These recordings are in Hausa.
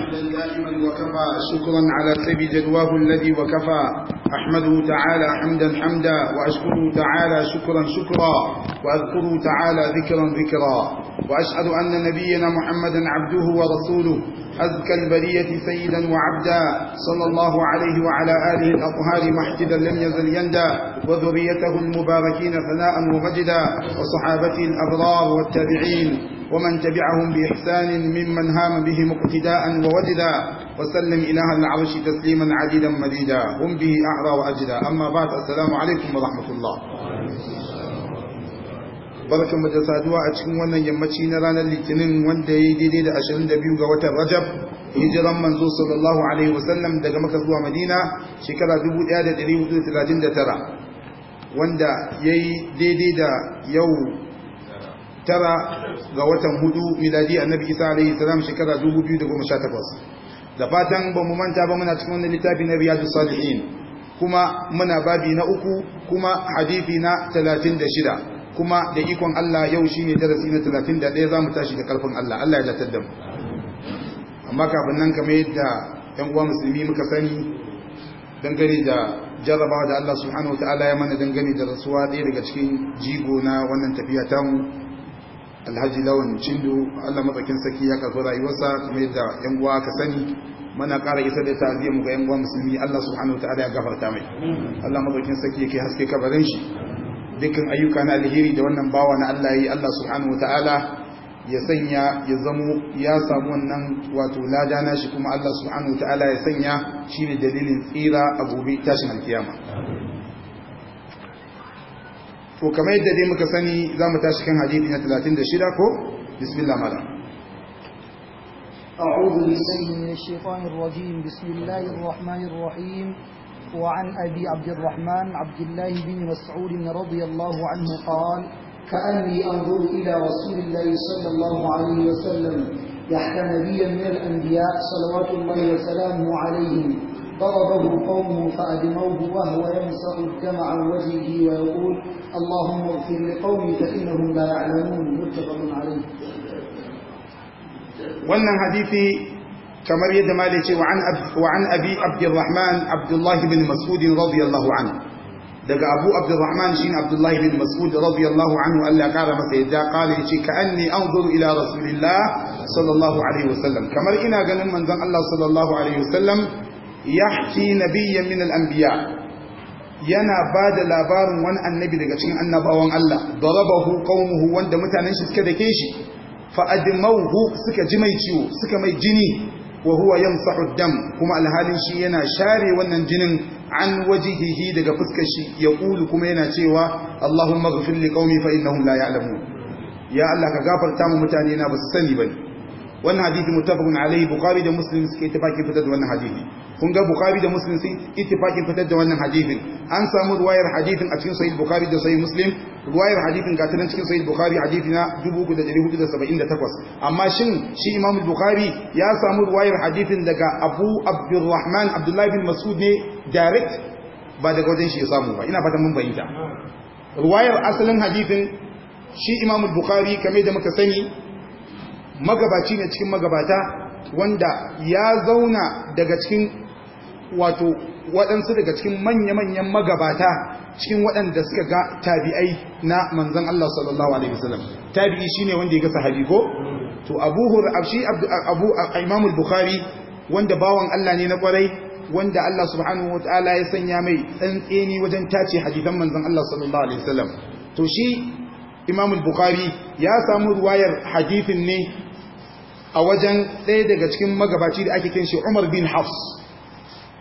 حمدا دائما وكفى شكرا على سبي جدواه الذي وكفى أحمده تعالى حمدا حمدا وأشكره تعالى شكرا شكرا وأذكره تعالى ذكرا ذكرا وأشهد أن نبينا محمدا عبده ورسوله أزكى البرية سيدا وعبدا صلى الله عليه وعلى آله الأطهار محجدا لم يزل يندى وذريته المباركين ثناء ومجدا وصحابته الأبرار والتابعين ومن تبعهم بإحسان ممن هام بهم اقتداء ووجدا وسلم إله العرش تسليما عديدا مديدا هم به أعرى وأجدا أما بعد السلام عليكم ورحمة الله barkan da saduwa a cikin wannan yammaci na ranar litinin wanda ya yi daidai da 22 ga watan rajab hijiran manzo sallallahu alaihi wasallam daga maka a madina shekara 1439 wanda ya yi daidai da yau tara ga watan hudu miladi annabi isa alaihi salam shekara 2018 da fatan ba mu manta ba muna cikin wannan littafi na riyadu salihin kuma muna babi na uku kuma hadisi na 36 kuma da ikon Allah yau shine darasi na 31 zamu tashi da karfin Allah Allah ya datar da mu amma kafin nan kamar yadda 'yan uwa musulmi muka sani dangane da jarrabawa da Allah subhanahu ta'ala ya mana dangane da rasuwa ɗaya daga cikin jigo na wannan tafiya tamu alhaji lawan cindo allah matsakin saki ya karfi rayuwarsa kuma yadda yan uwa ka sani mana ƙara isa da ta'aziyya mu ga yan uwa musulmi allah subhanahu wa ta'ala ya gafarta mai allah matsakin saki yake haske kabarin shi dukkan ayyuka na alheri da wannan bawa na allah yi allah subhanahu wa ta'ala ya sanya ya zamo ya samu wannan wato lada na shi kuma allah subhanahu wa ta'ala ya sanya shi ne dalilin tsira a gobe tashin alkiyama to kamar yadda dai muka sani za mu tashi kan hadisi na 36 ko bismillah mala أعوذ بالله من الشيطان الرجيم بسم الله الرحمن الرحيم وعن أبي عبد الرحمن عبد الله بن مسعود رضي الله عنه قال كأني أنظر إلى رسول الله صلى الله عليه وسلم يحكى نبيا من الأنبياء صلوات الله وسلامه عليهم ضربه قومه فأدموه وهو يمسح الدم عن وجهه ويقول اللهم اغفر لقومي فإنهم لا يعلمون متفق عليه wannan hadisi kamar yadda ma ce wa an abi abdurrahman abdullahi bin mas'ud radiyallahu anhu daga abu abdurrahman shine abdullahi bin mas'ud radiyallahu anhu Allah ya kara masa yadda kala yace ka anni anzuru ila rasulillah sallallahu alaihi wasallam kamar ina ganin manzon Allah sallallahu alaihi wasallam yahki nabiyyan min al-anbiya yana ba da labarin wani annabi daga cikin annabawan Allah darabahu qaumuhu wanda mutanen shi suka dake shi fa admauhu suka ji mai ciwo suka mai jini wa huwa yamsahu dam kuma alhalin shi yana share wannan jinin an wajihihi daga fuskar shi ya kulu kuma yana cewa Allahumma ghfir li qaumi fa innahum la ya'lamun ya Allah ka gafarta mu mutane na basu sani bane wannan hadisi muttafaqun alayhi bukhari da muslim suke tafaki fitar da wannan hadisi kun ga bukhari da muslim sun ittifaqin fitar da wannan hadisin an samu ruwayar hadisin a cikin sahih bukhari da sahih muslim ruwayar hadisin ga tanan cikin sahih bukhari hadisi na 4478 amma shin shi imam bukhari ya samu ruwayar hadisin daga abu abdurrahman abdullahi bin mas'ud ne direct ba daga wajen shi ya samu ba ina fatan mun bayyana ruwayar asalin hadisin shi imam bukhari kamar da muka sani magabaci ne cikin magabata wanda ya zauna daga cikin wato waɗansu daga cikin manya-manyan magabata cikin waɗanda suka ga tabi'ai na manzan Allah sallallahu alaihi wasallam tabi'i shine wanda ya ga sahabi ko to Abu Hurairah shi Abu Imam al-Bukhari wanda bawan Allah ne na kwarai wanda Allah subhanahu wataala ya sanya mai tsantseni wajen tace hadisan manzan Allah sallallahu alaihi wasallam to shi Imam al-Bukhari ya samu ruwayar hadithin ne a wajen ɗaya daga cikin magabaci da ake kinshi Umar bin Hafs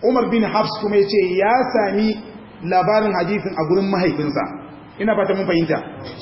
umar bin habs kuma ya ce ya sami labarin hadisin a gurin mahaifinsa ina fata mun fahimta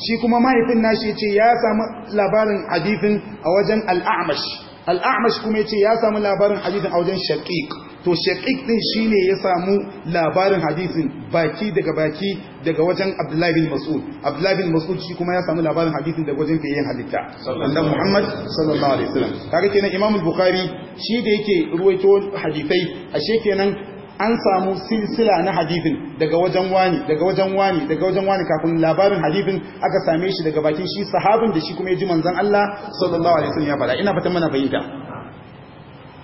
shi kuma mahaifin nashi ya ce ya sami labarin hadisin a wajen al'amash al'amash kuma ya ce ya sami labarin hadisin a wajen shaqiq to ɗin din ne ya samu labarin hadisin baki daga baki daga wajen Abdullahi bin Mas'ud Abdullahi bin Mas'ud shi kuma ya samu labarin hadisin daga wajen fiyayyen halitta annabi Muhammad sallallahu alaihi wasallam kaga kenan Imam al-Bukhari shi da yake ruwaito hadisai ashe kenan an samu silsila na hadisin daga wajen wani daga wajen wani daga wajen wani kafin labarin hadisin aka same shi daga bakin shi sahabin da shi kuma ya ji manzon Allah sallallahu alaihi wasallam ya faɗa ina fatan mana fahimta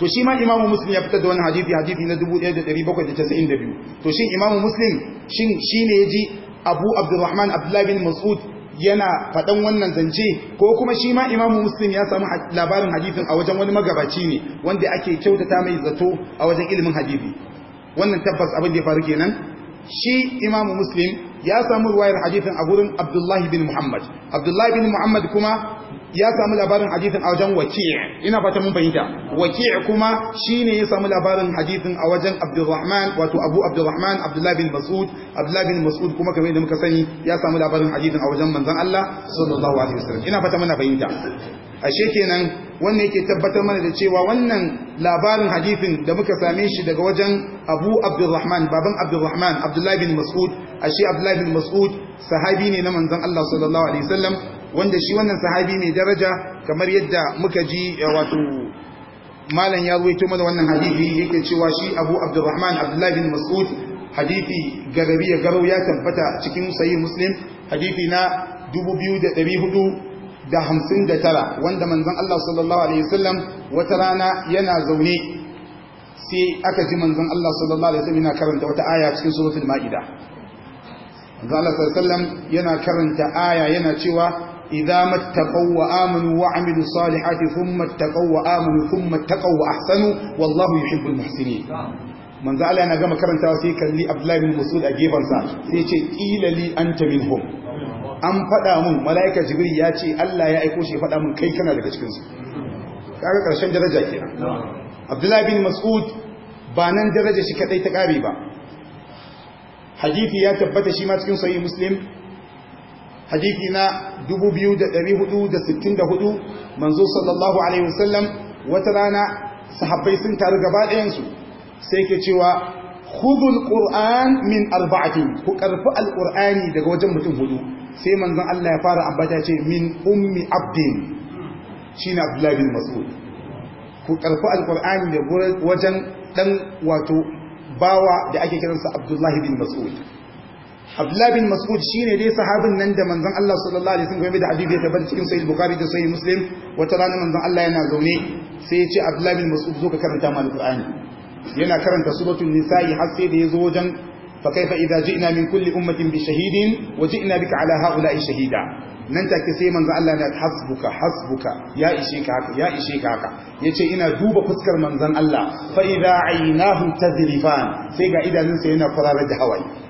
to shi ma imamu muslim ya fitar da wani hadithi hadithi na 1792 to shi imamu muslim shi ne ya ji abu abdurrahman abdullahi bin mas'ud yana faɗan wannan zance ko kuma shi ma imamu muslim ya samu labarin hadithin a wajen wani magabaci ne wanda ake kyautata mai zato a wajen ilimin hadithi. wannan tabbas abin da ya faru kenan shi imamu muslim ya samu ruwayar hadithin a gurin abdullahi bin muhammad abdullahi bin muhammad kuma ya samu labarin hadithin a wajen waki' ina fata mun fahimta waki' kuma shine ya samu labarin hadithin a wajen Abdurrahman wato Abu Abdurrahman Abdullahi bin Mas'ud Abdullahi bin Mas'ud kuma kamar yadda muka sani ya samu labarin hadithin a wajen manzon Allah sallallahu alaihi wasallam ina fata muna fahimta ashe kenan wannan yake tabbatar mana da cewa wannan labarin hadithin da muka same shi daga wajen Abu Abdurrahman baban Abdurrahman Abdullahi bin Mas'ud ashe Abdullahi bin Mas'ud sahabi ne na manzon Allah sallallahu alaihi wasallam wanda shi wannan sahabi mai daraja kamar yadda muka ji eh, wato malam ya ruwaito mana wannan hadisi yake cewa shi Abu Abdurrahman Abdullah bin Mas'ud hadisi garabi ya garau ya tabbata cikin sahih Muslim hadisi na 2459 wanda manzon Allah sallallahu alaihi wasallam wata rana yana zaune sai aka ji manzon Allah sallallahu alaihi wasallam yana karanta wata aya cikin suratul Maida manzon Allah sallallahu alaihi wasallam yana karanta aya yana cewa idza mattaqaw wa amanu wa amilu salihati thumma ittaqaw wa amanu thumma ittaqaw wa ahsanu wallahu yuhibbul muhsinin manzo Allah yana gama karantawa sai kalli Abdullahi bin Mas'ud a gefansa sai ya ce qila li anta minhum an faɗa mun mala'ika jibril ya ce Allah ya aiko shi faɗa mun kai kana daga cikin su kaga daraja kenan Abdullahi bin Mas'ud ba nan daraja shi kaɗai ta kare ba hadisi ya tabbata shi ma cikin sahih Muslim hadithi na 2464 manzo sallallahu alaihi wasallam wata rana sahabbai sun taru gaba ɗayansu sai ke cewa khudul qur'an min arba'ati ku ƙarfi alqur'ani daga wajen mutum hudu sai manzan Allah ya fara ambata ce min ummi abdin shi abdullahi bin mas'ud ku ƙarfi alqur'ani daga wajen ɗan wato bawa da ake kiransa abdullahi bin mas'ud Abdullah bin Mas'ud shine dai sahabin nan da manzon Allah sallallahu alaihi wasallam da hadisi da ban cikin sahih Bukhari da sahih Muslim wata rana manzon Allah yana zaune sai ya ce Abdullah bin Mas'ud zo ka karanta mana Qur'ani yana karanta suratul nisa'i har sai da yazo wajen fa kaifa idza ji'na min kulli ummatin bi shahidin wa ji'na bika ala ha'ula'i shahida nan take sai manzon Allah ya hasbuka hasbuka ya ishe ka haka ya ishe ka haka yace ina duba fuskar manzon Allah fa idza aynahu tazrifan sai ga idanunsa yana fararar da hawaye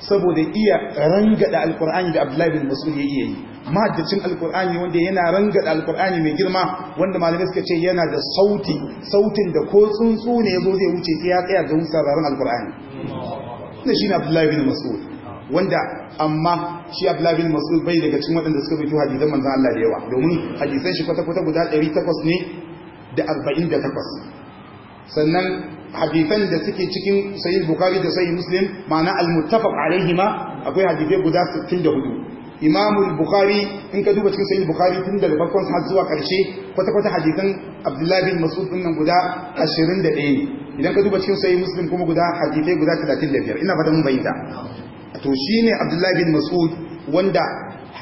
saboda iya rangada alkur'ani da abdullahi bin Mas'u ya iya yi mahaddacin alkur'ani wanda yana rangada alkur'ani mai girma wanda malamai suka ce yana da sauti sautin da ko tsuntsu ne ya zo zai wuce ya tsaya ga sararin alkur'ani ne abdullahi bin Mas'u. wanda amma shi abdullahi bin Mas'u bai daga cikin waɗanda suka fito hadisan manzan Allah da yawa domin hadisan shi kwata-kwata guda 800 ne da 48 sannan hadisan da suke cikin sahih bukari da sahih muslim ma'ana al-muttafaq alaihima akwai hadisai guda 64 imam al-bukhari in ka duba cikin sahih bukhari tun daga farkon har zuwa karshe kwata kwata hadisan abdullahi bin mas'ud din nan guda 21 ne idan ka duba cikin sahih muslim kuma guda hadisai guda 35 ina fata mun bayyana to shine abdullahi bin mas'ud wanda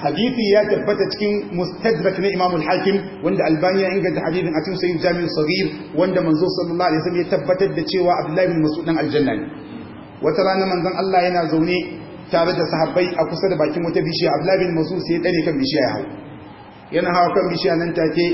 hadisi ya tabbata cikin mustadrak na Imam al-Hakim wanda Albani ya inganta hadisin a cikin Sahih Jami' Saghir wanda manzo sallallahu alaihi wasallam ya tabbatar da cewa Abdullahi ibn Mas'ud dan aljanna ne wata rana manzon Allah yana zaune tare da sahabbai a kusa da bakin wata bishiya Abdullahi ibn Mas'ud sai ya dare kan bishiya ya hawo yana hawa kan bishiya nan take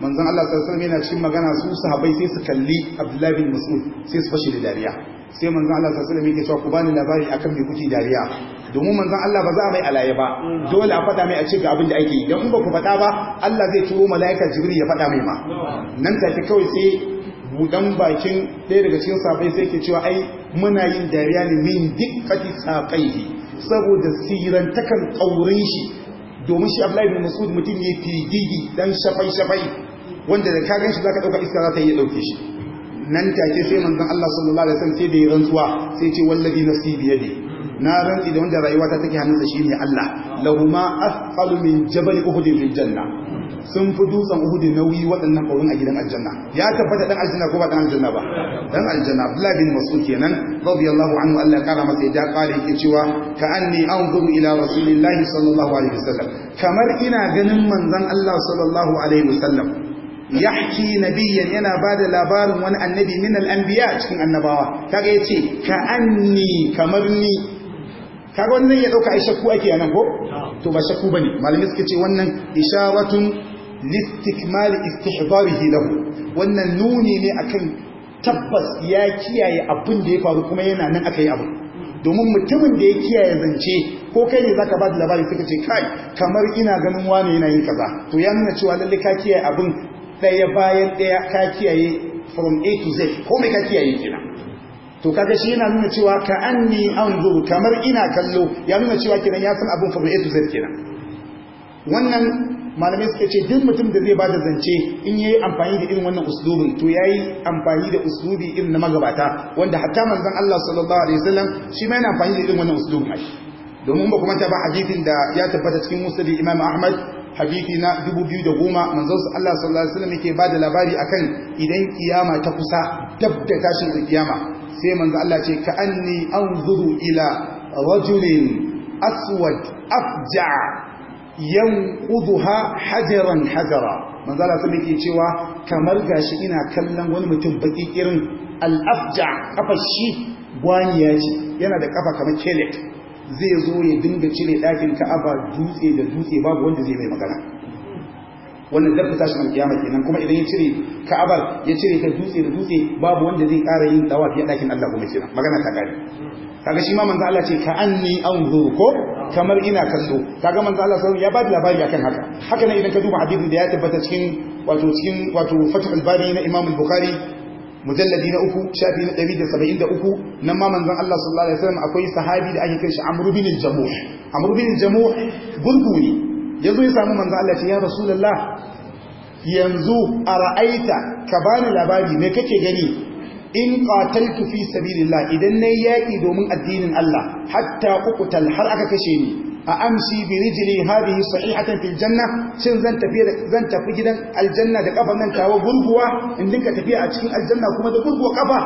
manzon Allah sallallahu alaihi wasallam yana cikin magana su sahabbai sai su kalli Abdullahi ibn Mas'ud sai su fashe da dariya sai manzon Allah sallallahu alaihi wasallam yake cewa ku bani labari akan me kuke dariya domin manzan Allah ba za mai alaye ba dole a faɗa mai a ce ga abin da ake don ba ku faɗa ba Allah zai turo malaika jibril ya fada mai ma nan take kawai sai budan bakin ɗaya daga cikin safai sai ke cewa ai muna yin dariya ne min dikkati ne. saboda takan ƙaurin shi domin shi abu laifin Mas'ud mutum ya fi gigi dan shafai shafai wanda da ka ganshi zaka ɗauka iska za ta iya ɗauke shi nan take sai manzan Allah sallallahu alaihi wasallam sai da yi rantsuwa sai ce wallahi nafsi bi ne. na rantsi da wanda rayuwata take hannunsa shine Allah lahuma asqalu min jabal uhud fil janna sun fi dutsen uhud nauyi waɗannan kaurin a gidan aljanna ya tabbata dan aljanna ko ba dan aljanna ba dan aljanna Abdullah bin Mas'ud kenan radiyallahu anhu Allah ya kara masa ya kare yake cewa ka anni anzuru ila rasulillahi sallallahu alaihi wasallam kamar ina ganin manzon Allah sallallahu alaihi wasallam yahki nabiyan yana bada labarin wani annabi min al-anbiya cikin annabawa kaga yace ka anni kamar ni kaga wani ya ya dauka ai shakku ake nan ko to ba shakku bane malami suka ce wannan isharatun listikmal istihdarihi lahu wannan nuni ne akan tabbas ya kiyaye abin da ya faru kuma yana nan aka yi abu domin mutumin da ya kiyaye zance ko kai ne zaka ba da labari suka ce kai kamar ina ganin wani yana yin kaza to ya nuna cewa lalle ka kiyaye abin daya bayan daya ka kiyaye from A to Z komai ka kiyaye kenan to kaga shi yana nuna cewa ka anni anzur kamar ina kallo ya nuna cewa kenan ya san abin fa bai zai kenan wannan malamai suka ce duk mutum da zai bada zance in yayi amfani da irin wannan uslubin to yayi amfani da uslubi irin na magabata wanda hatta manzon Allah sallallahu alaihi wasallam shi ma yana amfani da irin wannan uslubin ai domin ba kuma ta ba hadisin da ya tabbata cikin musnad Imam Ahmad hadisi na 2010 manzon Allah sallallahu alaihi wasallam yake bada labari akan idan kiyama ta kusa dab da tashin kiyama sai manzo Allah ce ka anni anzuru ila rajulin aswad afja yanquduha hajaran hajara manzo Allah sai yake cewa kamar gashi ina kallon wani mutum baki irin al-afja kafar shi gwaniya ce yana da kafa kamar kelet zai zo ya dinga cire ɗakin ka'aba dutse da dutse babu wanda zai mai magana wannan dabba tashin alkiyama kenan kuma idan ya cire ka'abar ya cire ta dutse da dutse babu wanda zai ƙara yin dawafi a ɗakin Allah kuma kenan magana ta gari kaga shi ma manzo Allah ce ka anni anzur ko kamar ina kallo kaga manzo Allah sallallahu alaihi ya bada labari akan haka haka ne idan ka duba hadisin da ya tabbata cikin wato cikin wato Fathul Bari na Imam Bukhari mujalladi na uku shafi na ɗari da saba'in da uku nan ma manzon Allah sallallahu alaihi wasallam akwai sahabi da ake kirshi Amr bin al-Jamuh Amr bin al-Jamuh gurgu ya zo ya samu manzo Allah ce ya rasulullah yanzu a ra'aita ka bani labari me kake gani in qataltu fi sabilillah idan nayi yaƙi domin addinin Allah hatta uqtal har aka kashe ni a amshi bi yi sa'i sahihatan fil janna shin zan tafi gidan aljanna da ƙafa nan kawo gurguwa in dinka tafiya a cikin aljanna kuma da gurguwa ƙafa.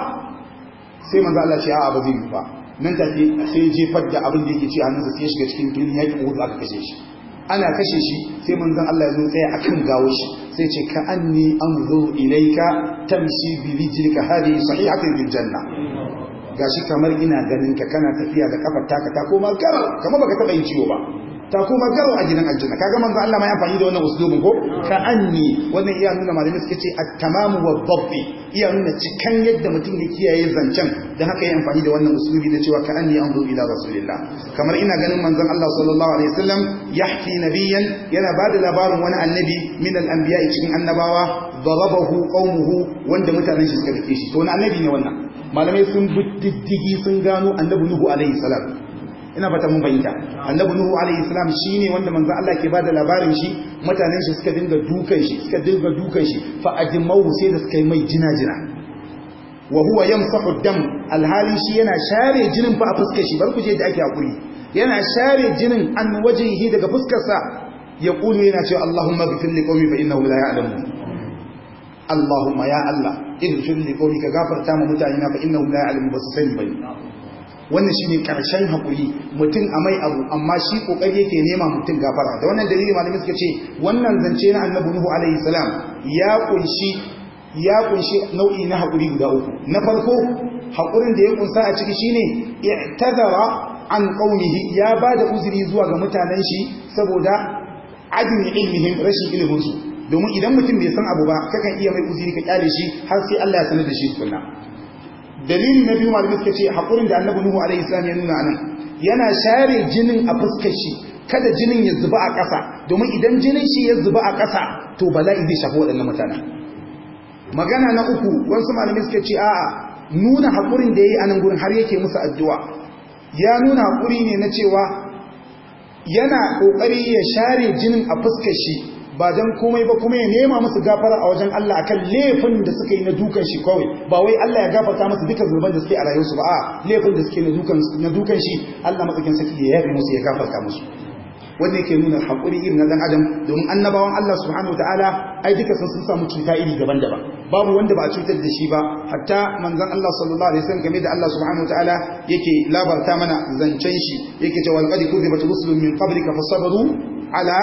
sai manzo Allah ce a'a ba zai ba nan tafi sai jefar da abin da yake ci hannunsa sai shiga cikin duniya filin yakin Uhud aka kashe shi ana kashe shi sai manzon Allah ya zo tsaya akan gawo shi sai ce ka anni anzuru ilayka tamshi bi rijlika hadi sahihatin bil janna gashi kamar ina ganin ka kana tafiya da kafar taka ta koma kamar kamar baka taba yin ciwo ba ta kuma garo a gidan aljanna kaga manzo Allah ma ya amfani da wannan uslubin ko ka anni wannan iya nuna malamin suka ce at-tamamu wa dhabbi iya nuna cikan yadda mutum ya kiyaye zancen da haka ya amfani da wannan uslubi da cewa ka anni anzu ila rasulillah kamar ina ganin manzo Allah sallallahu alaihi wasallam yahki nabiyan yana bada labarin wani annabi min al-anbiya cikin annabawa darabahu qaumuhu wanda mutanen shi suka dake shi to wani annabi ne wannan malamai sun bi diddigi sun gano annabi nuhu alaihi salam ina fata mun bayyana annabi nuhu alaihi salam shine wanda manzo Allah ke bada labarin shi mutanen shi suka dinga dukan shi suka dinga dukan shi fa ajmahu sai da suka yi mai jina jina wa huwa yamsahu dam alhali shi yana share jinin fa a fuskar shi bar ku je da ake hakuri yana share jinin an wajihi daga fuskar sa ya kulu yana cewa Allahumma ghfir li qaumi fa innahum la ya'lamun Allahumma ya Allah ighfir li qaumi ka gafarta ma mutane na fa innahum la ya'lamun su sani bane wannan ne karshen hakuri mutum a mai abu amma shi ƙoƙari yake nema mutum gafara da wannan dalili malamai suka ce wannan zance na annabi nuhu alaihi salam ya ƙunshi nau'i na hakuri guda uku na farko hakurin da ya kunsa a ciki shine i'tazara an qaumihi ya ba da uzuri zuwa ga mutanen shi saboda adin ilmihim rashin ilimin domin idan mutum bai san abu ba kakan iya mai uzuri ka kyale shi har sai Allah ya sanar da shi tukunna dalili na biyu malamai suka ce haƙurin da annabi nuhu alaihi salam ya nuna nan yana share jinin a fuskar shi kada jinin ya zuba a ƙasa domin idan jinin shi ya zuba a ƙasa to bala'i zai shafi waɗannan mutane. magana na uku wasu malamai suka ce a'a nuna haƙurin da ya yi a nan gurin har yake musu addu'a ya nuna haƙuri ne na cewa yana ƙoƙari ya share jinin a fuskar shi ba don komai ba kuma ya nema musu gafara a wajen Allah akan laifin da suka yi na dukan shi kawai ba wai Allah ya gafarta musu duka zunuban da suke a rayuwarsu ba a laifin da suke na dukan shi Allah matsakin saki ya yafi musu ya gafarta musu wanda yake nuna haƙuri irin na ɗan adam domin annabawan Allah subhanahu wa ta'ala ai duka sun sun samu cuta iri daban-daban babu wanda ba a cutar da shi ba hatta manzon Allah sallallahu alaihi wasallam game da Allah subhanahu wa ta'ala yake labarta mana zancen shi yake cewa laqad kuzibat rusulun min qablika fasabaru ala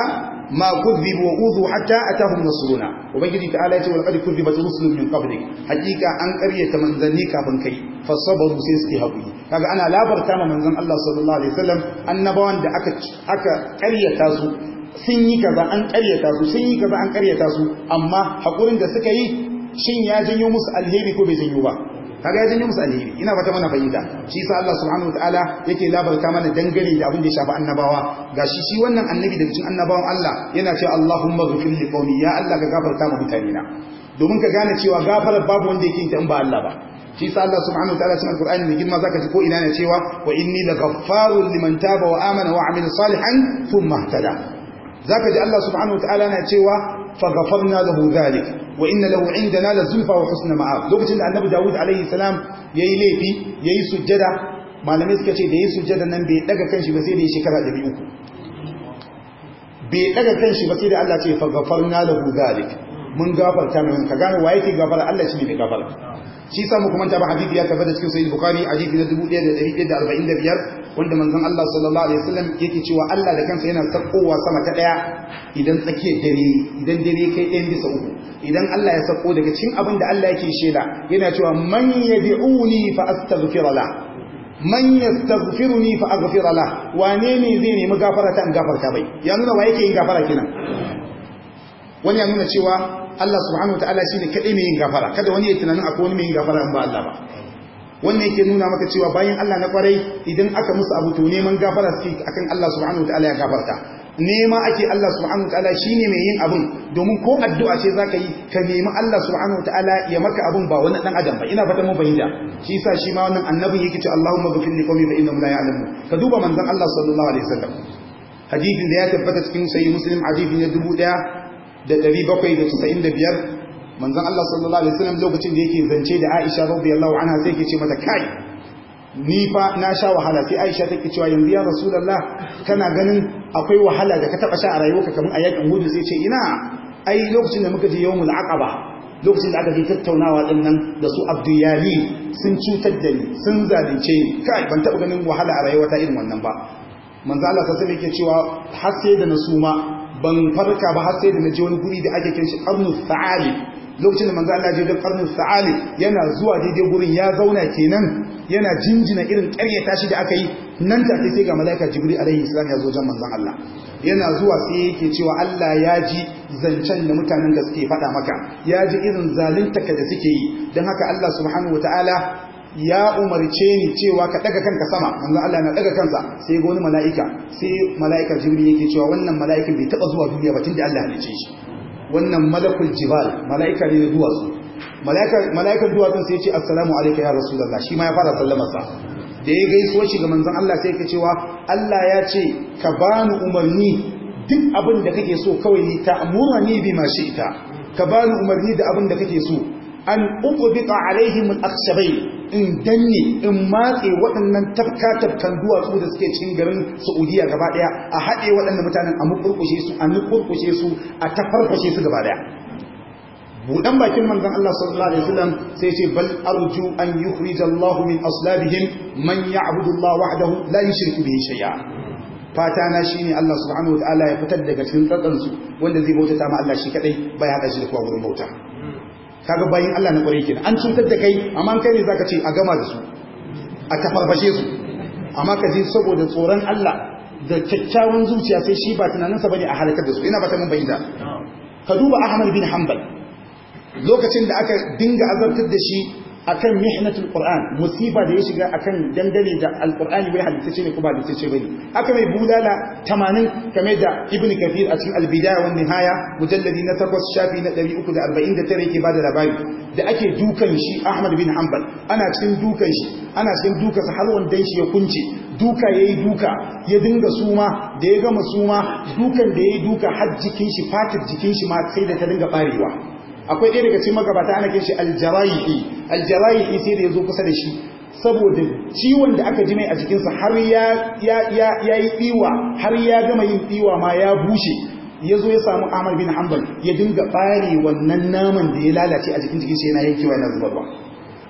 ma kuzzibu wa uzu hatta atahum nasruna ubangiji ta'ala yace walqad kuzzibat rusulun min qablik hakika an karyata manzanni kafin kai fasabaru sai suke hakuri kaga ana labarta ma manzon Allah sallallahu alaihi wasallam annabawan da aka aka karyata su sun yi kaza an karyata su sun yi kaza an karyata su amma haƙurin da suka yi shin ya janyo musu alheri ko bai janyo ba kaga yajin janyo musu alheri ina fata mana fahimta shi sa Allah subhanahu ta'ala yake labarta mana dangane da abin da ya shafi annabawa Ga shi shi wannan annabi da cikin annabawan Allah yana cewa Allahumma ghfir li qaumi ya Allah ka gafarta mu mutane na domin ka gane cewa gafarar babu wanda yake ta ba Allah ba shi sa Allah subhanahu ta'ala cikin alqur'ani ne girma zaka ji ko ina ne cewa wa inni la ghaffarun liman taba wa amana wa amila salihan thumma ihtada Za ka ji Allah subhanahu ta'ala na cewa fa na lahu dhalik wa ina inna da na da zulfa wa husna ma'a lokacin da annabi Dawud alaihi ya yi laifi ya yi sujjada malamai suka ce da yayi sujjada nan bai daga kanshi ba sai da ya shekara 300 bai daga kanshi ba sai da Allah ce fa na lahu dhalik mun gafar ta mai ka gane waye ke gafara Allah shi ne mai gafara shi sa mu kuma ta ba hadisi ya tabbata cikin Sayyid bukhari hadisi na 1145 wanda manzon Allah sallallahu alaihi wasallam yake cewa Allah da kansa yana sakkowa sama ta daya idan tsake dare idan dare kai ɗayan bisa uku idan Allah ya sakko daga cikin abin da Allah yake shela yana cewa man yad'uni fa astaghfir la man yastaghfiruni fa aghfir la wane ne zai nemi gafara ta in gafarta bai ya nuna wa yake yin gafara kenan wani ya nuna cewa Allah subhanahu wataala shine kadai mai yin gafara kada wani ya tunanin akwai wani mai yin gafara in ba Allah ba wannan yake nuna maka cewa bayan Allah na kwarai idan aka musu abu to neman gafara suke akan Allah subhanahu wataala ya gafarta nema ake Allah subhanahu wataala shine mai yin abun domin ko addu'a ce zaka yi ka nemi Allah subhanahu wataala ya maka abun ba wani dan adam ba ina fatan mun fahimta shi yasa shi ma wannan annabi yake cewa Allahumma ghfir li qawmi fa innahum la ya'lamun ka duba manzon Allah sallallahu alaihi wasallam hadisin da ya tabbata cikin sahih muslim hadisin ya dubu daya da biyar. manzan Allah sallallahu alaihi wasallam lokacin da yake zance da Aisha radiyallahu anha sai yake ce mata kai ni fa na sha wahala sai Aisha ta take cewa yanzu ya Rasulullah kana ganin akwai wahala da ka taba sha a rayuwarka kamar a yakin gudu sai ce ina ai lokacin da muka je yawmul aqaba lokacin da aka je tattaunawa din nan da su yari sun cutar da ni sun zalunce kai ban taba ganin wahala a rayuwata irin wannan ba manzo Allah sai yake cewa har sai da na suma ban farka ba har sai da na je wani guri da ake kiran shi Qarnu Sa'ali lokacin da manzo Allah ya je karnin sa'ali yana zuwa daidai gurin ya zauna kenan yana jinjina irin ƙarya tashi da aka yi nan take sai ga malaika jibril alaihi salam ya zo jan manzon Allah yana zuwa sai yake cewa Allah ya ji zancen da mutanen da suke faɗa maka ya ji irin zaluntaka da suke yi don haka Allah subhanahu wataala ya umarce ni cewa ka daga kanka sama manzo Allah na daga kansa sai ga wani mala'ika sai mala'ikar jibril yake cewa wannan mala'ikin bai taba zuwa duniya ba tunda Allah ya ce shi wannan malakul jibal mala'ika ne da duwatsu mala'ikan sai ce assalamu alaika ya rasulallah shi ma ya fara sallama sa da ya gaisuwa shi ga manzon Allah sai ka cewa Allah ya ce ka bani umarni duk abin da kake so kawai ni ta amura ni bi ma ita. ka bani umarni da abin da kake so an uqbita alaihim al-akhshabain in danne in matse waɗannan tafka-tafkan duwatsu da suke cin garin saudiya gaba ɗaya a haɗe waɗannan mutanen a mukurkushe su a mukurkushe su a tafarfashe su gaba ɗaya buɗan bakin manzan Allah sallallahu alaihi wasallam sai ce bal arju an yukhrija Allah min aslabihim man ya'budu Allah wahdahu la yushriku bihi shay'a fata na shine Allah subhanahu wa ta'ala ya fitar daga cikin su wanda zai bauta ta ma Allah shi kadai bai hada shi da kowa wurin bauta kaga bayin Allah na kware kenan an cutar da kai amma kai ne zaka ce a gama da su a tafarfashe su amma ka ji saboda tsoron Allah da kyakkyawan zuciya sai shi ba tunaninsa bane a halakar da su ina ba ta mun bayyana ka duba Ahmad bin Hanbal lokacin da aka dinga azabtar da shi akan mihnatul qur'an musiba da ya shiga akan dangane da alqur'ani wai halittace ne ko halittace bane haka mai bulala 80 kame da ibn kafir a cikin albidaya wa nihaya mujalladi na takwas, shafi na 349 yake bada labari da ake dukan shi ahmad bin hanbal ana cikin dukan shi ana cikin duka sa har wanda shi ya kunce duka yayi duka ya dinga suma da ya gama suma dukan da yayi duka har jikin shi fatar jikin shi ma sai da ta dinga barewa akwai ɗaya daga cikin magabata ana kishi aljarayi aljarayil sai da yazo kusa da shi saboda ciwon da aka ji mai a jikinsa har ya yi har ya gama yin tsiwa ma ya bushe yazo ya samu Ahmad bin Hanbal ya dinga bare wannan naman da ya lalace a cikin jikin shi yana yankewa yana zubarwa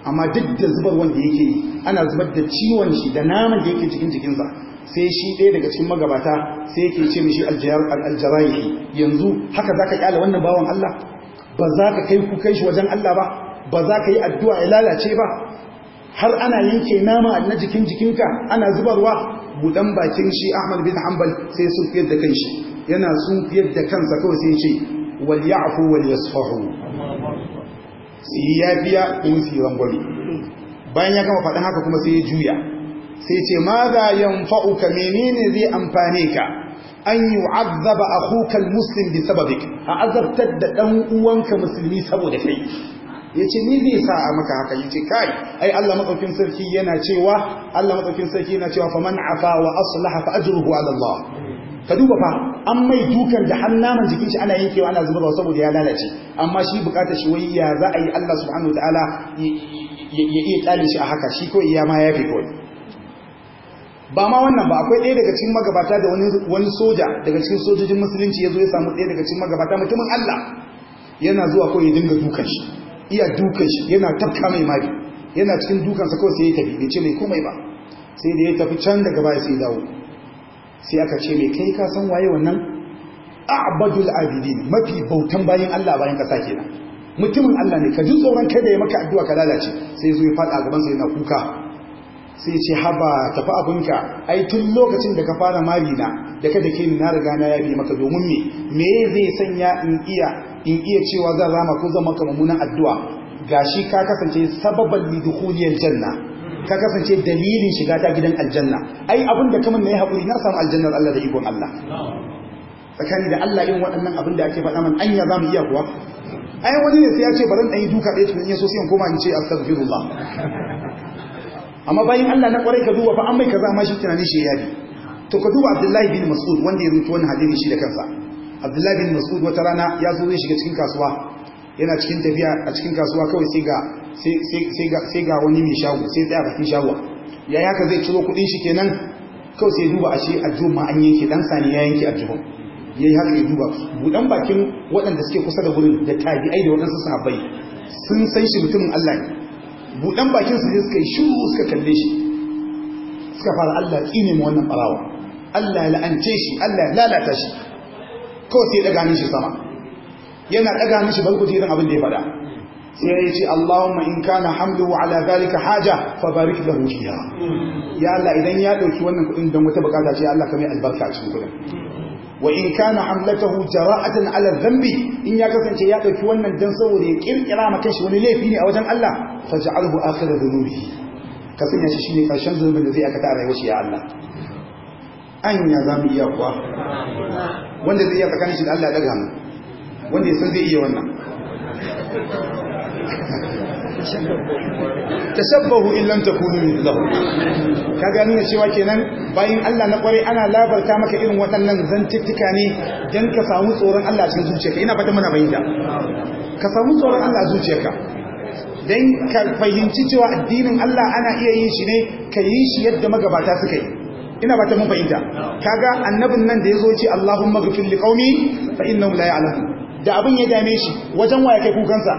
amma duk da zubar wanda yake yi ana zubar da ciwon shi da naman da yake cikin jikinsa sai shi ɗaya daga cikin magabata sai yake ce mishi aljarayi yanzu haka zaka kyale wannan bawan Allah ba za ka kai ku kai shi wajen Allah ba ba za ka yi addu'a ya lalace ba har ana yanke nama na jikin jikinka ana zubarwa budan bakin shi ahmad bin hanbal sai sun fiyar da kanshi yana sun fiyar da kansa kawai sai ce wal ya wal yasfahu sai ya biya in su rangwame bayan ya gama faɗin haka kuma sai ya juya sai ce ma za yanfa'uka menene zai amfane ka an yi azaba akhuka muslim bi sababik a azabtar da ɗan uwanka musulmi saboda kai ya ce ni zai sa a maka haka ya ce kai ai Allah maɗaukin sarki yana cewa Allah maɗaukin sarki yana cewa man afa wa aslaha fa ajruhu ala Allah ka duba fa an mai dukan da har man jikin shi ana yankewa ana zubarwa saboda ya lalace amma shi bukatar shi wai ya za a yi Allah subhanahu wa ta'ala ya iya kyale shi a haka shi ko iya ma ya fi kawai ba ma wannan ba akwai ɗaya daga cikin magabata da wani soja daga cikin sojojin musulunci ya zo ya samu ɗaya daga cikin magabata mutumin Allah yana zuwa ko ya dinga dukan shi iya dukan shi yana tafka mai mari yana cikin dukansa kawai sai ya tafi bai ce mai komai ba sai da ya tafi can daga baya sai dawo sai aka ce mai kai ka san waye wannan a'badul abidin mafi bautan bayan Allah bayan kasa kenan mutumin Allah ne ka ji tsoron kai da ya maka addu'a ka lalace sai ya zo ya fada gaban sa yana kuka sai ce haba tafi ka ai tun lokacin da ka fara mari na da ka dake ni na riga na yafi maka domin me me zai sanya in iya in iya cewa zan rama ko zan maka mummunan addu'a gashi ka kasance sababan lidukhuliyal janna ka kasance dalilin shiga ta gidan aljanna ai abin da kamar nayi hakuri na samu aljannar Allah da ikon Allah tsakani da Allah in waɗannan abin da ake faɗa man anya zamu iya kuwa ai wani ne sai ya ce bari yi duka ɗaya tukun yaso sai in koma in ce astaghfirullah amma bayan Allah na kwarai ka duba fa an mai kaza ma shi tunanin shi yadi to ka duba Abdullahi bin Mas'ud wanda ya rubuta wannan hadisi shi da kansa abdullahi bin mas'ud wata rana ya zo zai shiga cikin kasuwa yana cikin tafiya a cikin kasuwa kawai sai ga sai ga wani mai shago sai tsaya bakin shago ya yaka zai ciro kudin shi kenan kawai sai duba ashe aljihun ma an yanke dan sani ya yanke a ya yi haka ya duba budan bakin waɗanda suke kusa da wurin da tabi'ai da waɗansu sahabbai sun san shi mutumin Allah ne budan bakin su suka yi shiru suka kalle shi suka fara Allah tsine mu wannan barawa Allah ya la'ance shi Allah ya lalata shi kawai sai ya daga hannun sama yana daga hannun shi barkuta irin abin da ya faɗa sai ya ce Allahumma in kana wa ala zalika haja fa barik lahu fiha ya Allah idan ya dauki wannan kudin don wata bukata ce Allah ka mai albarka a cikin kudin wa in kana hamlatahu jara'atan ala dhanbi in ya kasance ya dauki wannan dan saboda ya kirkira maka shi wani laifi ne a wajen Allah faj'alhu akhir dhunubi ka sanya shi ne karshen zunubin da zai aka tara shi ya Allah anya za mu iya kuwa wanda zai iya tsakanin shi da Allah ya daga mu wanda ya san zai iya wannan tashabbahu in lam takunu mithlahu ka ga nuna cewa kenan bayan Allah na kwarai ana labarta maka irin waɗannan zantuttuka ne dan ka samu tsoron Allah cikin zuciyarka ina fata muna bayyana ka samu tsoron Allah zuciyarka dan ka fahimci cewa addinin Allah ana iya yin shi ne ka yi shi yadda magabata suka yi ina ba ta mun fahimta kaga annabin nan da yazo ce Allahumma ghfir qaumi fa innahum la ya'lamun da abin ya dame shi wajen waya kai kukansa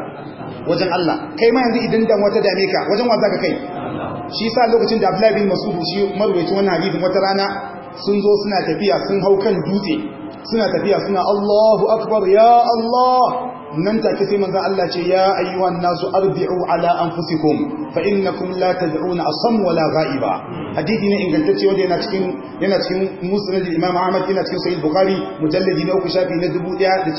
wajen Allah kai ma yanzu idan dan wata dame ka wajen wa ka kai shi sa lokacin da Abdullahi bin Mas'ud shi marwayi wannan hadisin wata rana sun zo suna tafiya sun hau kan dutse suna tafiya suna Allahu akbar ya Allah nan take sai manzon Allah ce ya ayyuhan nasu arbi'u ala anfusikum fa innakum la tad'una asam wala ghaiba hadisi ne ingantacce wanda yana cikin yana cikin musnad imam ahmad yana cikin sahih bukhari mujalladi na uku shafi na 1093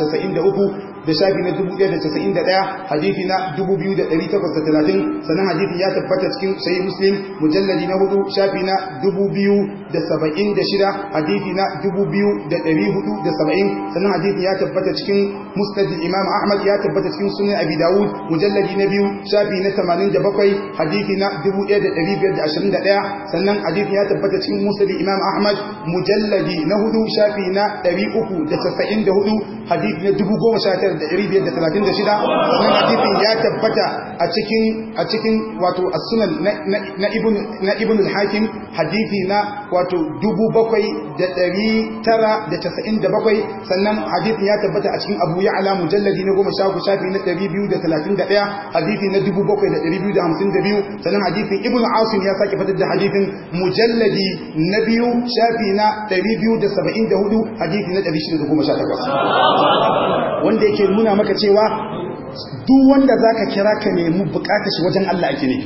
da shafi na 1091 hadisi na 2830 sanan hadisi ya tabbata cikin sahih muslim mujalladi na hudu shafi na 2000 da saba'in da shida hadithi na dubu biyu da ɗari hudu da saba'in sannan hadithi ya tabbata cikin musnadin imam ahmad ya tabbata cikin sunan abi dawud mujalladi na biyu shafi na tamanin da bakwai hadithi na dubu ɗaya da ɗari biyar da ashirin da ɗaya sannan hadithi ya tabbata cikin musnadin imam ahmad mujalladi na hudu shafi na ɗari uku da tasa'in da hudu hadithi na dubu goma sha tara da ɗari biyar da talatin da shida sannan hadithin ya tabbata a cikin a cikin wato as-sunan na ibn na ibn al-hakim hadithi na wato dubu bakwai da da da ɗari tara casa'in bakwai sannan hadithi ya tabbata a cikin abu ya ala mujalladi na goma shafi shafi na ɗari biyu da da talatin ɗaya hadithi na dubu bakwai da da da ɗari biyu hamsin biyu sannan hadithin ibn asim ya sake fatar da hadithin mujalladi na biyu shafi na ɗari biyu da da saba'in hudu hadithi na ɗari shida da goma takwas. wanda yake nuna maka cewa duk wanda zaka kira ka nemi bukatar shi wajen Allah ake ne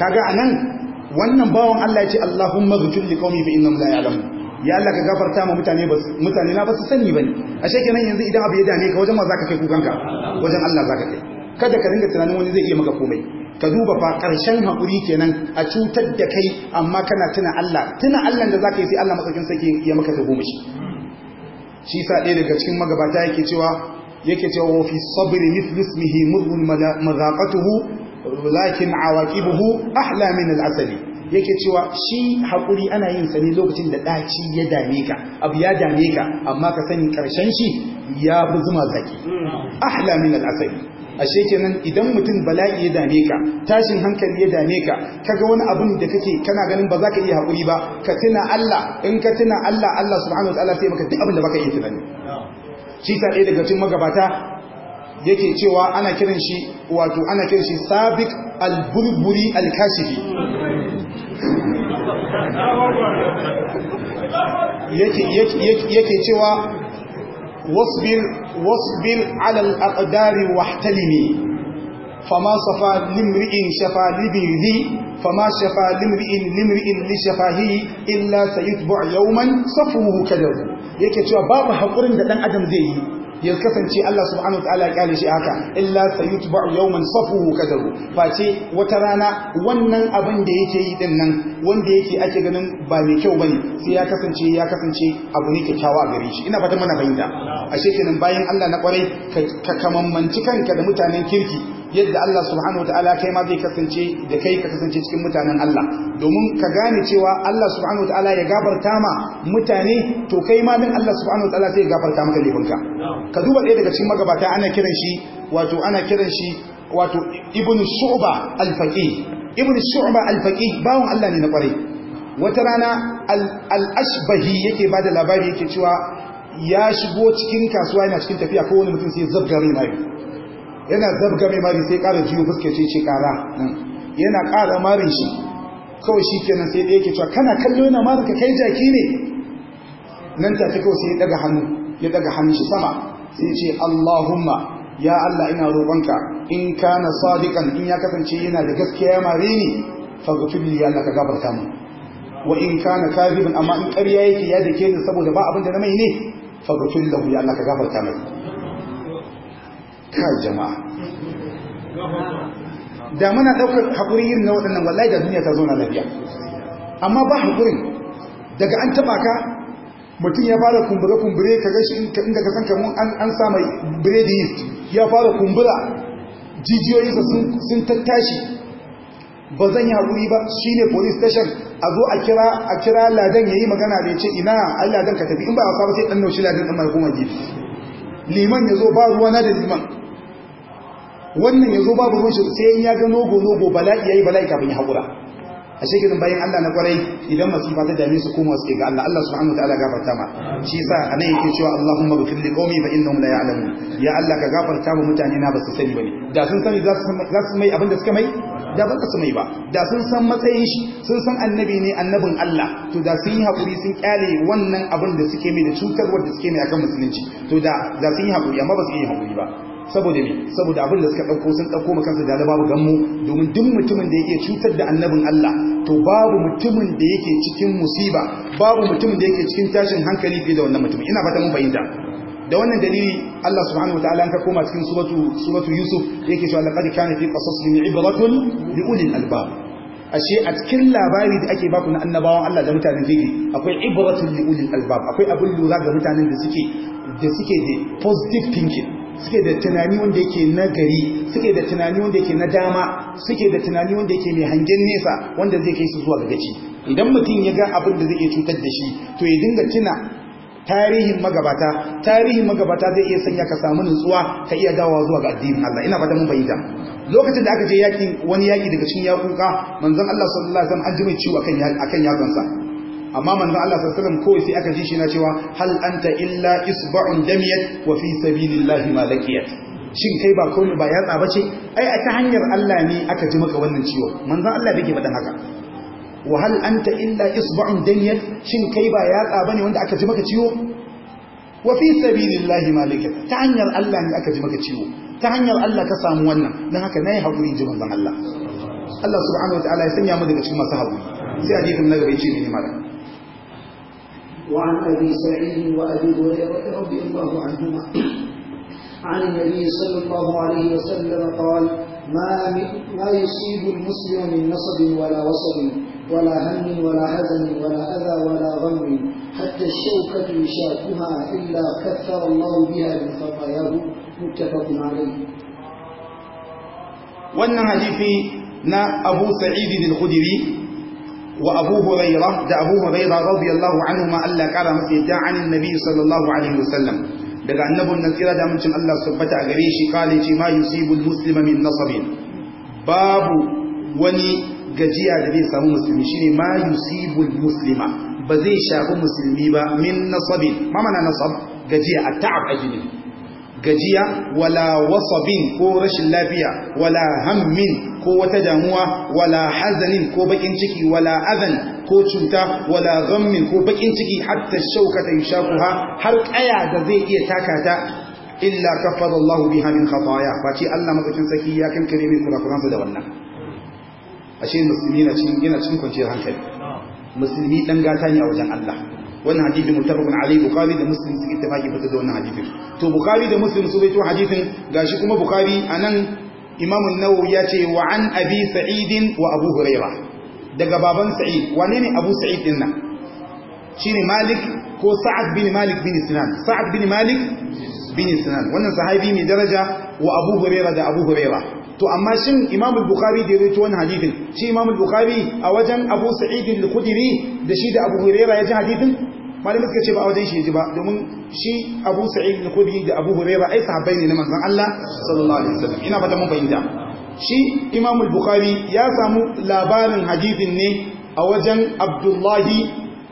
kaga anan wannan bawan Allah ya ce Allahumma ghfir li qaumi fa innahum la ya'lamun ya Allah ka gafarta ma mutane ba mutane na ba su sani bane ashe kenan yanzu idan abu ya dame ka wajen ma zaka kai kukanka wajen Allah zaka kai kada ka dinga tunanin wani zai iya maka komai ka duba fa karshen hakuri kenan a cutar da kai amma kana tuna Allah tuna Allah da zaka yi sai Allah madaukin sarki ya maka ta goma shi sa ɗaya daga cikin magabata yake cewa yake cewa fi sabri mithlu ismihi mudhun madaqatuhu lakin awakibuhu ahla min al-asali yake cewa shi hakuri ana yin sa ne lokacin da ɗaci ya dame ka abu ya dame ka amma ka sani karshen shi ya fi zuma zaki ahla min al-asali ashe kenan idan mutum bala'i ya dame ka tashin hankali ya dame ka kaga wani abun da kake kana ganin ba za ka iya hakuri ba ka tuna Allah in ka tuna Allah Allah subhanahu wa ta'ala sai maka duk abin da baka yi tunani shi ta ɗaya daga cikin magabata yake cewa ana kiran shi wato ana kiran shi sabiq al-burburi al-kashifi yake cewa wasbir wasbir ala al-aqdari wahtalimi fama safa limri'in shafa libiri fama shafa limri'in limri'in li shafahi illa sayutbu yawman safuhu kadahu yake cewa babu hakurin da dan adam zai yi ya kasance Allah subhanahu wa ta'ala ya kyale shi haka illa sayutba'u yawman safuhu kadaru face wata rana wannan abin da yake yi din nan wanda yake ake ganin ba mai kyau bane sai ya kasance ya kasance abu ne kyakkyawa a gare shi ina fatan mana fahimta ashe kenan bayan Allah na kwarai ka kamammanci kanka da mutanen kirki yadda Allah subhanahu wataala kai ma zai kasance da kai ka kasance cikin mutanen Allah domin ka gane cewa Allah subhanahu wataala ya gafarta ma mutane to kai ma din Allah subhanahu wataala sai ya gafarta maka laifinka ka duba ɗaya daga cikin magabata ana kiran shi wato ana kiran shi wato ibn shu'ba al-faqih ibn shu'ba al-faqih bawon Allah ne na kwarai wata rana al-ashbahi yake bada labari yake cewa ya shigo cikin kasuwa yana cikin tafiya ko wani mutum sai zabga rai yana zabga mai mari sai ƙara jiyo fuska ce ce ƙara yana ƙara marin shi kawai shi kenan sai ɗaya ke cewa kana kallo yana marin ka kai jaki ne nan ta kawai sai ya ɗaga hannu ya ɗaga hannun shi sama sai ce Allahumma ya Allah ina roƙonka in kana sadiqan in ya kasance yana da gaskiya ya mare ni faghfir li Allah ka gafarta mu wa in kana kadhiban amma in ƙarya yake ya dake ni saboda ba abin da na mai ne faghfir lahu ya Allah ka gafarta mai ta jama'a da muna daukar hakuri irin na waɗannan wallahi da duniya ta zo na lafiya amma ba hakurin daga an taba ka mutum ya fara kumbure kumbure ka gashi inda ka san kamun an an sa mai biredi yeast ya fara kumbura jijiyoyinsa sun tattashi ba zan yi haƙuri ba Shi ne police station a zo a kira a kira ladan yayi magana da ya ce ina an ladan ka tafi in ba a saba sai dan naushi ladan ɗan mai kuma gefe liman ya zo ba ruwa na da liman wannan ya zo babu rushin sai ya ga nogo nogo bala'i ya yi bala'i kafin ya haƙura a shekarun bayan Allah na kwarai idan masifa ta dame su koma suke ga Allah Allah subhanahu wataala gafarta ma shi yasa anan yake cewa Allahumma bi kulli qawmi fa innahum la ya'lamun ya Allah ka gafarta mu mutane na basu sani bane da sun sani za su mai abinda suka mai da ba su mai ba da sun san matsayin shi sun san annabi ne annabin Allah to da sun yi hakuri sun kyale wannan abin da suke mai da cutarwar da suke mai akan musulunci to da da sun yi hakuri amma ba su yi hakuri ba saboda me saboda abin da suka dauko sun dauko makansa da babu gammu domin duk mutumin da yake cutar da annabin Allah to babu mutumin da yake cikin musiba babu mutumin da yake cikin tashin hankali fiye da wannan mutumin ina fata mun fahimta da wannan dalili Allah subhanahu wataala an ka koma cikin suratu suratu Yusuf yake cewa laqad kana fi qasasihim ibratun li ulil albab ashe a cikin labari da ake baku na annabawan Allah da mutanen jirgi akwai ibratun li ulil albab akwai abin lura ga mutanen da suke da suke da positive thinking suke da tunani wanda yake na gari suke da tunani wanda yake na dama suke da tunani wanda yake mai hangen nesa wanda zai kai su zuwa ga gaci idan mutum ya ga abin da zai iya cutar da shi to ya dinga tuna tarihin magabata tarihin magabata zai iya sanya ka samu nutsuwa ka iya dawowa zuwa ga addinin Allah ina fata mun bayyana lokacin da aka je yakin wani yaki daga cikin yakuka manzon Allah sallallahu alaihi wasallam an ji ciwo akan akan yakansa amma manzo Allah sallallahu alaihi wasallam sai aka ji shi na cewa hal anta illa isba'un damiyat wa fi sabilillahi ma laqiyat shin kai ba kone ba yatsa bace ai a ta hanyar Allah ne aka ji maka wannan ciwo manzo Allah yake faɗin haka wa hal anta illa isba'un damiyat shin kai ba yatsa bane wanda aka ji maka ciwo wa fi sabilillahi ma laqiyat ta hanyar Allah ne aka ji maka ciwo ta hanyar Allah ka samu wannan dan haka nayi hakuri ji manzo Allah Allah subhanahu wa ta'ala ya sanya mu daga cikin masu haƙuri sai hadisin na gaba yace ne mara وعن أبي سعيد وأبي هريرة رضي الله عنهما عن النبي صلى الله عليه وسلم قال ما ما يصيب المسلم من نصب ولا وصب ولا هم ولا حزن ولا أذى ولا غم حتى الشوكة يشاكها إلا كثر الله بها من خطاياه متفق عليه wannan hadisi na Abu Sa'id al-Khudri wa abu huraira da abu huraira radiyallahu anhu ma Allah kara masa yadda an annabi sallallahu alaihi wasallam daga annabun nan tsira da mutum Allah subbata a gare shi kale ce ma yusibul muslima min nasabin babu wani gajiya da zai samu musulmi shine ma yusibul muslima ba zai shafi musulmi ba min nasabin ma mana nasab gajiya at-ta'ab ajnabi gajiya wala wasabin ko rashin lafiya wala hammin ko wata damuwa wala hazanin ko bakin ciki wala azan ko cuta wala ghammin ko bakin ciki hatta shaukata yushaquha har kaya da zai iya takata illa kaffara Allah biha min khataaya fati Allah madaukin saki ya kankare min kurakuransa da wannan ashe musulmi na cikin yana cikin kwanciyar hankali musulmi dan gata ne a wajen Allah wannan hadisin mutafakun alayhi bukhari da muslim suke tafaki fata da wannan hadisin to bukhari da muslim su baito hadisin gashi kuma bukhari anan imam an-nawawi ya ce wa an abi sa'id wa abu hurayra daga baban sa'id wane ne abu sa'id din nan shine malik ko sa'ad bin malik bin sinan sa'ad bin malik bin sinan wannan sahabi mai daraja wa abu hurayra da abu hurayra to amma shin Imam al-Bukhari da rawaito wannan hadithin shi Imam al-Bukhari a wajen Abu Sa'id al-Khudri da shi da Abu Hurairah ya ji hadithin malamin suka ce ba a wajen shi ya ji ba domin shi Abu Sa'id al-Khudri da Abu Hurairah ai sahabbai ne na manzon Allah sallallahu alaihi wasallam ina fata mun fahimta shi Imam al-Bukhari ya samu labarin hadithin ne a wajen Abdullahi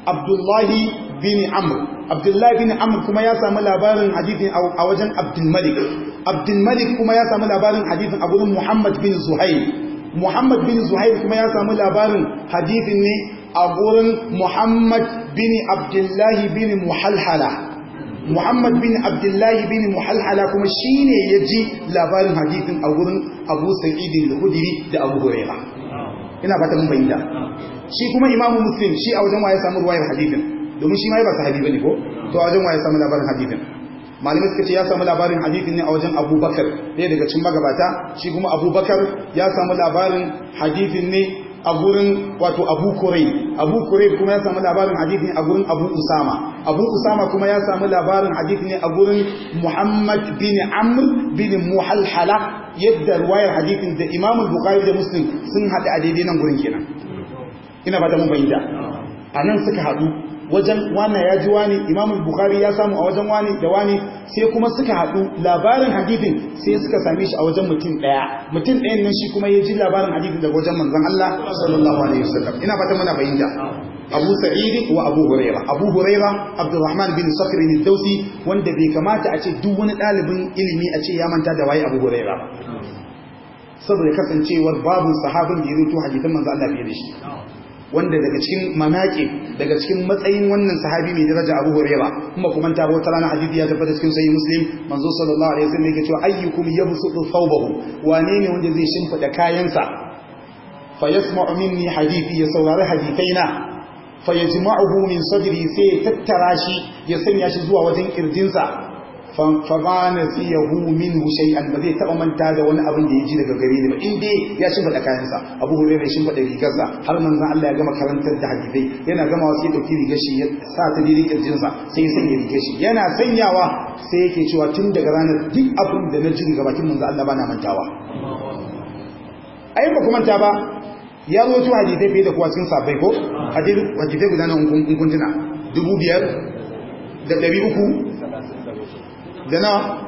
Abdullahi bin Amr Abdullahi bin Amr kuma ya samu labarin hadithin a wajen Abdul Malik abdulmalik kuma ya samu labarin hadithin a gurin muhammad bin zuhair muhammad bin zuhair kuma ya samu labarin hadithin ne a gurin muhammad bin abdullahi bin muhalhala muhammad bin abdullahi bin muhalhala kuma shi ne ya ji labarin hadithin a gurin abu sa'idin hudiri da abu huraira ina fata mun bayyana shi kuma imamu muslim shi a wajen waye samu ruwayar hadithin domin shi ma ya ba hadithin ne ko to a wajen waye samu labarin hadithin malami suka ce ya samu labarin hadithin ne a wajen abubakar ɗaya daga cin magabata shi kuma abubakar ya samu labarin hadithin ne a gurin wato abu kurai abu kurai kuma ya samu labarin hadithin ne a gurin abu usama abu usama kuma ya samu labarin hadithin ne a gurin muhammad bin amr bin muhalhala yadda ruwayar hadithin da imam bukhari da muslim sun haɗu a daidai nan gurin kenan ina ba ta mun fahimta. a nan suka haɗu wajen wannan ya ji wani imamul bukhari ya samu a wajen wani da wani sai kuma suka haɗu labarin hadithin sai suka same shi a wajen mutum ɗaya mutum ɗayan nan shi kuma ya ji labarin hadithin daga wajen manzon Allah sallallahu alaihi wasallam ina fata muna bayyana Abu Sa'id wa Abu Huraira Abu Huraira Abdurrahman bin Sakhr bin Dawsi wanda bai kamata a ce duk wani ɗalibin ilimi a ce ya manta da waye Abu Huraira saboda kasancewar babu sahabin da ya rito hadisan manzo Allah fiye da shi wanda daga cikin manaki daga cikin matsayin wannan sahabi mai daraja Abu Huraira kuma kuma ta bauta rana hadisi ya tabbata cikin sahih Muslim manzo sallallahu alaihi wasallam yake cewa ayyukum yabsutu thawbahu wane ne wanda zai shimfida kayansa fa yasma'u minni ya saurari Hadithaina. fa yajma'uhu min sadri sai tattara shi ya sanya shi zuwa wajen kirjinsa fama na siya min hushai an ba zai taɓa manta da wani abin da ya ji daga gare ni ba in dai ya shimfiɗa kayansa abu hurairu ya shimfiɗa rigarsa har zan Allah ya gama karantar da hadisai yana gama wasu ya ɗauki rigar shi ya sa ta daidai sa, sai ya sanya rigar shi yana sanyawa sai yake cewa tun daga ranar duk abin da na ji daga bakin manzo Allah ba na mantawa ai ba ku manta ba ya zo zuwa hadisai fiye da kuwa cikin sabai ko hadisai guda na unkuntuna dubu biyar da ɗari uku da ta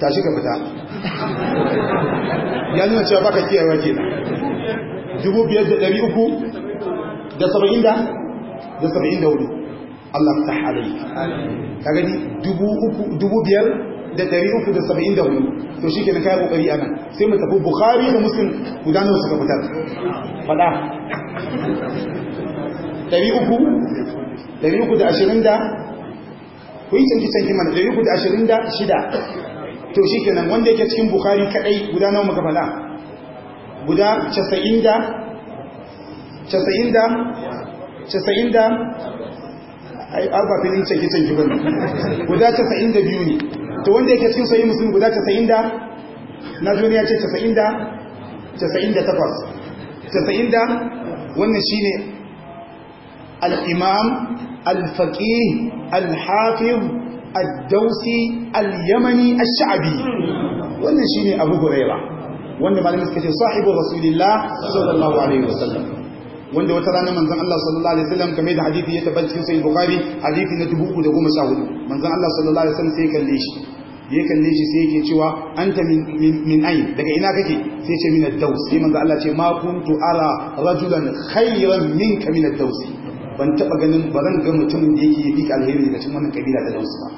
tashi ka fita ya nuna cewa baka kiyarwa ke dubu biyar da ɗari uku da saba'in da da saba'in da wuri Allah ta halayi ta gani dubu biyar da ɗari uku da saba'in da wuri to shi ke na kayan ƙoƙari a nan sai mu tafi bukhari da muslim gudanar suka fitar faɗa ɗari uku ɗari uku da ashirin da ku yi kimanin da mana ɗari hudu ashirin da shida to shi kenan wanda yake cikin bukari kadai guda nawa muka faɗa guda casa'in da casa'in da casa'in da arba filin canji canji bane guda casa'in da biyu ne to wanda yake cikin sayi musulmi guda casa'in da na duniya ce casa'in da casa'in da takwas casa'in da wannan shine al-imam الفقيه الحافظ الدوسي اليمني الشعبي wannan shine Abu Huraira wanda malamin suka ce sahibu Rasulullah sallallahu alaihi wasallam wanda wata rana manzon Allah sallallahu alaihi wasallam kamar da hadisi ya tabbata cikin sahih Bukhari hadisi na 314 manzon Allah sallallahu alaihi wasallam sai kalle shi ya kalle shi sai yake cewa anta min min ayn daga ina kake sai ce min ad-daws sai manzo Allah ce ma kuntu ara rajulan khayran minka min ad-daws ban taba ganin ba zan ga mutumin da yake yi alheri daga cikin wannan kabila da nausu ba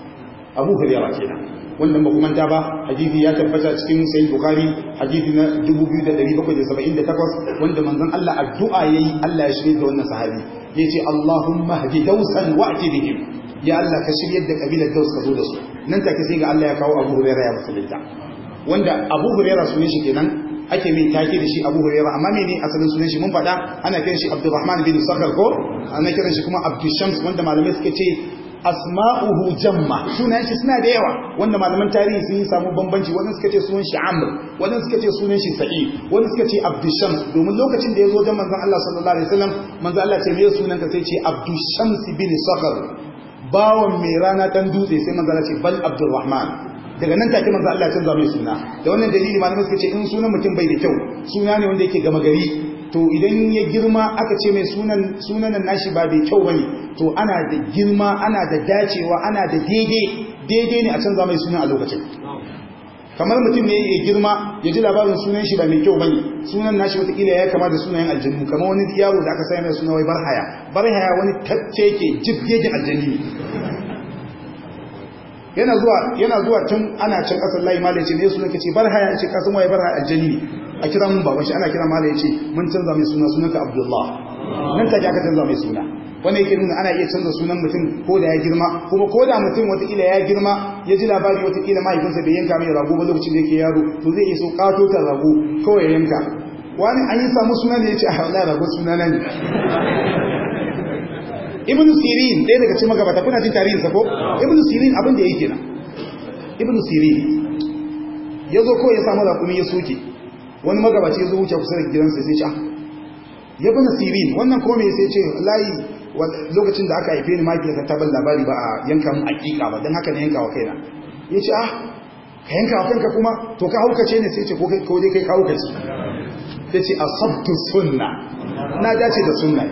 abu hurairah kenan wannan ta ba hadisi ya tabbata cikin sahih bukhari hadisi na 2778 wanda manzon Allah addu'a yayi Allah ya shirye da wannan sahabi yace Allahumma hdi dausan wa bihim ya Allah ka shirye da kabilar daus ka zo da su nan take sai ga Allah ya kawo Abu Hurairah ya musulunta wanda Abu Hurairah sunan shi kenan ake min take da shi Abu Hurairah amma mene asalin sunan shi mun faɗa ana kiran shi Abdurrahman bin Sakar ko ana kiran shi kuma Abdushams wanda malamai suka ce asma'uhu jamma sunan shi suna da yawa wanda malaman tarihi sun yi samu bambanci wanda suka ce sunan shi Amr wanda suka ce sunan shi Sa'id wanda suka ce Abdushams domin lokacin da ya zo da manzon Allah sallallahu alaihi wasallam manzon Allah ce me sunan ka sai ce Abdushams bin Sakar bawan mai rana dan dutse sai manzon Allah ce bal Abdurrahman daga nan take manzo Allah ya canza mai suna da wannan dalili malamai suka ce in sunan mutum bai da kyau suna ne wanda yake gama gari to idan ya girma aka ce mai sunan sunanan nashi ba bai kyau bane to ana da girma ana da dacewa ana da daidai daidai ne a canza mai suna a lokacin kamar mutum ne ya girma ya ji labarin sunan shi ba mai kyau bane sunan nashi watakila ya kama da sunayen aljannu kamar wani yaro da aka sanya mai suna wai barhaya barhaya wani tacce ke jibgejin aljanni yana zuwa yana tun ana can kasar layi malai ce ne sunan ce bar haya ce kasan waye bar haya aljani a kira mun ba shi ana kira malai ce mun canza mai suna sunanka abdullah nan take aka canza mai suna wanda yake nuna ana iya canza sunan mutum ko da ya girma kuma ko da mutum watakila ya girma ya ji labari watakila mahaifinsa bai yanka mai rago ba lokacin da yake yaro to zai iya so kato ta rago kawai ya yanka wani an yi samu suna ne ya ce a ah, wallahi rago suna na ne ibn sirin ɗaya daga cikin magabata kuna jin tarihin sa ko ibn sirin abin da yake na ibn sirin ya zo ko ya samu rakumi ya soke wani magabaci ya zo wuce kusa da gidansa sai ce ya ah, Ibn sirin wannan ko me sai ce wallahi lokacin da aka haife ni ma ta ban labari ba a yanka mu hakika ba don haka na yanka wa kaina ya ce ah ka yanka wa kanka kuma to ka haukace ne sai ce ko dai kai ka haukace ya ce a sunna na dace da sunna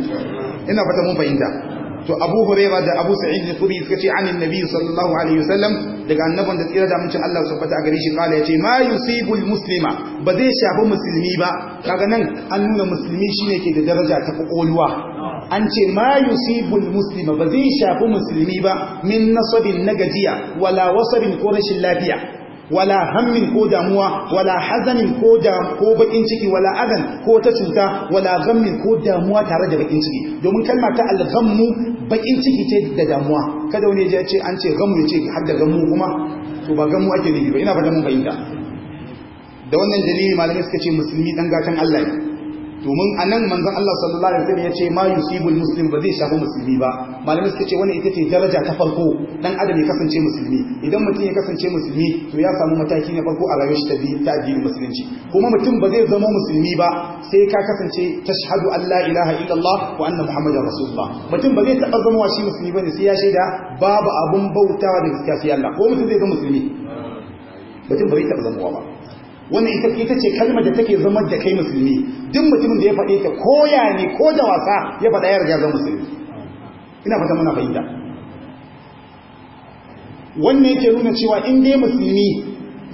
ina fata mun fahimta to Abu Huraira da Abu Sa'id ne khudri suka ce anin Nabi sallallahu alaihi wasallam daga annabin da tsira da amincin Allah subhanahu wa gare shi kala yace ma yusibu muslima ba zai shafi musulmi ba kaga nan an nuna musulmi shine ke da daraja ta kokolwa an ce ma yusibu muslima ba zai shafi musulmi ba min nasabin nagajiya wala wasabin ko rashin lafiya wala hammin ko damuwa wala hazanin ko da ko bakin ciki wala adan ko ta cuta wala gammin ko damuwa tare da bakin ciki domin kalma ta al-ghammu bakin ciki ce da damuwa kada wani ya ce an ce gamu ya ce har da gamu kuma to ba gamu ake nufi ba ina fata mun fahimta da wannan dalili malamai suka ce musulmi dan gatan Allah ne domin a nan manzon Allah sallallahu alaihi wasallam ya ce ma yusibul muslim ba zai shafi musulmi ba malamai suka ce wannan ita ce daraja ta farko dan adam ya kasance musulmi idan mutum ya kasance musulmi to ya samu mataki na farko a rayuwar shi ta biyu addinin musulunci kuma mutum ba zai zama musulmi ba sai ka kasance tashhadu an la ilaha illallah wa anna muhammadar rasulullah mutum ba zai taba zama shi musulmi bane sai ya shaida babu abun bautawa da gaskiya sai Allah ko mutum zai zama musulmi mutum ba zai taba zama ba wannan ita ce kalmar da take zama da kai musulmi duk mutumin da ya faɗe ta koya ne ko da wasa ya faɗa ya riga zama musulmi ina fata muna fahimta wannan yake nuna cewa in dai musulmi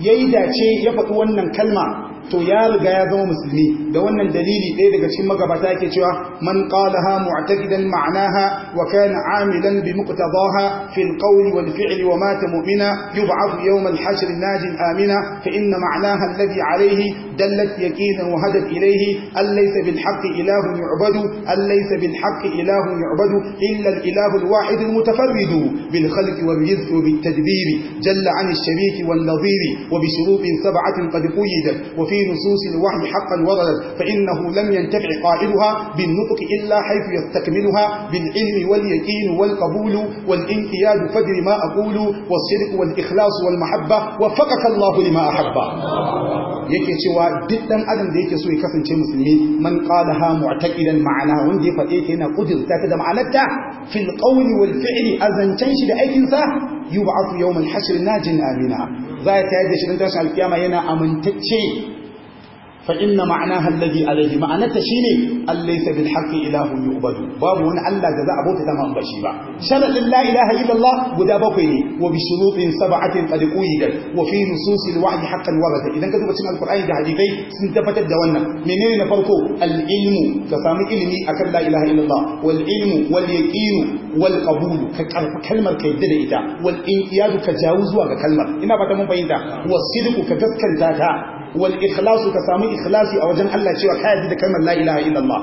ya yi dace ya faɗi wannan kalma to ya riga ya zama musulmi da wannan dalili ɗaya daga cikin magabata yake cewa man ha mu'taqidan ma'naha wa kana 'amilan bi muqtadaha fi al-qawli wal fi'li wa mata mu'mina yub'ath yawm al-hashr najin amina fa inna ma'naha alladhi 'alayhi دلت يقينا وهدت إليه أن ليس بالحق إله يعبد أن ليس بالحق إله يعبد إلا الإله الواحد المتفرد بالخلق والرزق وبالتدبير جل عن الشريك والنظير وبشروط سبعة قد قيدت وفي نصوص الوحي حقا وردت فإنه لم ينتفع قائلها بالنطق إلا حيث يستكملها بالعلم واليقين والقبول والانقياد فجر ما أقول والصدق والإخلاص والمحبة وفقك الله لما أحبه يكي شوى duk dan adam da yake so ya kasance musulmi man ha mu'taqidan ma'ana wanda ya fade ta yana kudirta ta da ma'anarta fil qawli wal fi'li azancan shi da aikin sa yub'athu yawm al-hashr najin amina za ya tayar da shi dan tashin alkiyama yana amintacce فإن معناها الذي عليه معنى تشيني أن ليس بالحق إله يؤبد باب هنا ألا جزاء بوت تمام بشيبا شرط لا إله إلا الله ودا بقيني وبشروط سبعة قد قيدت وفي نصوص الوعد حقا ورد إذا كتب سمع القرآن ده حديثي سنتفت الدوانا منين نفرقه العلم كسام علمي أكد لا إله إلا الله والعلم واليقين والقبول كلمة كيدد إذا والإنقياد كجاوز وكلمة إنا بتمام بينتا والصدق كتسكن ذاتها wal ikhlas ka samu ikhlasi a wajen Allah cewa ka yarda da kalmar la ilaha illallah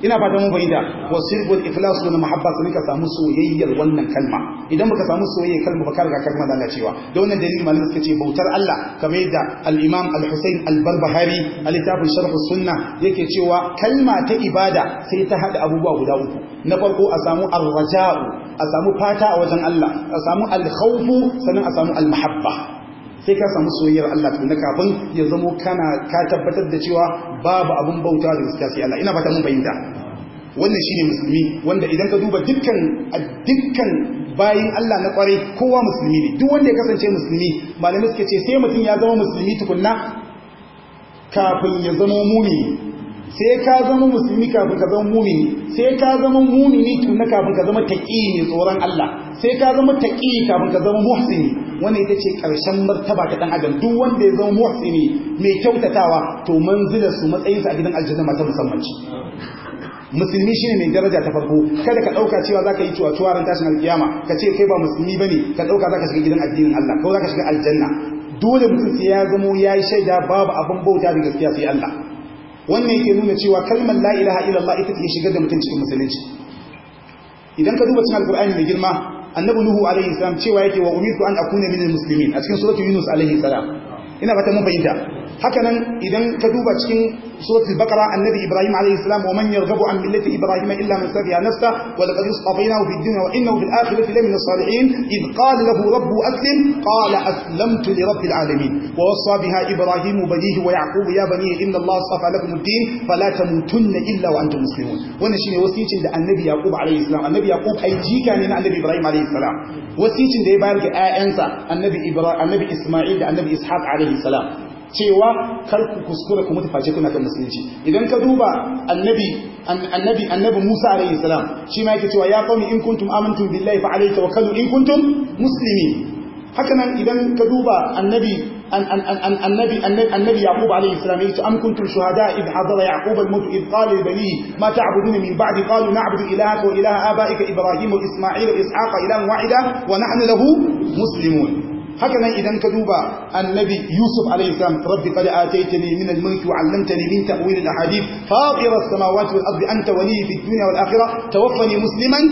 ina fata mun fahimta wasir wal ikhlas wal muhabba sun ka samu soyayyar wannan kalma idan baka samu soyayyar kalma ba riga kalma da cewa da wannan dalili malamin suka ce bautar Allah kamar yadda al-Imam al-Husayn al-Barbahari a littafin Sharh sunna yake cewa kalma ta ibada sai ta hada abubuwa guda uku na farko a samu ar-raja'u a samu fata a wajen Allah a samu al-khawfu sannan a samu al-mahabba sai ka samu soyayyar Allah tun kafin ya zamo kana ka tabbatar da cewa babu abun bauta da gaskiya sai Allah ina fata mun fahimta wannan shine musulmi wanda idan ka duba dukkan dukkan bayin Allah na kware kowa musulmi ne duk wanda ya kasance musulmi malamai suke ce sai mutum ya zama musulmi tukunna kafin ya zama muni. sai ka zama musulmi kafin ka zama mumini sai ka zama mumini tun na kafin ka zama taƙi ne tsoron Allah sai ka zama taƙi kafin ka zama muhsini wannan ita ce ƙarshen martaba ta ɗan adam duk wanda ya zama muhsini mai kyautatawa to manzilar su matsayinsa a gidan aljanna mata musammanci. musulmi shine mai daraja ta farko kada ka ɗauka cewa zaka yi tuwa tuwaran tashin alkiyama ka ce kai ba musulmi ne, ka dauka zaka shiga gidan addinin Allah ko zaka shiga aljanna dole mutum sai ya zama ya yi shaida babu abin bauta da gaskiya sai Allah wannan yake nuna cewa kalmar la ilaha illallah ita ke shigar da mutum cikin musulunci idan ka duba cikin alqur'ani mai girma annabi nuhu alaihi salam cewa yake wa umirtu an akuna min almuslimin a cikin surati yunus alaihi salam ina fata mun fahimta haka nan idan ka duba cikin سورة البقرة النبي إبراهيم عليه السلام ومن يرغب عن ملة إبراهيم إلا من سفه نفسه ولقد اصطفيناه في الدنيا وإنه في الآخرة لمن الصالحين إذ قال له ربه أسلم قال أسلمت لرب العالمين ووصى بها إبراهيم بنيه ويعقوب يا بني إن الله اصطفى لكم الدين فلا تموتن إلا وأنتم مسلمون ونشين عند النبي يعقوب عليه السلام النبي يعقوب أي جيكا من النبي إبراهيم عليه السلام وسيتين دي بارك النبي, النبي إسماعيل النبي إسحاق عليه السلام cewa karku ku kuskura ku mutu kuna kan musulunci idan ka duba annabi annabi annabi Musa alayhi salam shi ma yake cewa ya qawmi in kuntum amantum billahi fa alayhi tawakkalu in kuntum muslimin Hakanan idan ka duba annabi annabi annabi yaqub alayhi salam yace am kuntum shuhada id hadara yaqub al-maut id qala li bani ma ta'buduna min ba'di qalu na'budu ilahaka wa ilaha abaika ibrahim wa isma'il wa ishaqa ilahan wahida wa nahnu lahu muslimun haka nan idan ka duba annabi yusuf alayhi salam rabbi qad ataytani min al-mulki wa 'allamtani min ta'wil al-ahadith fatira as-samawati wal ardi anta waliyyi fid dunya wal akhirah tawaffani musliman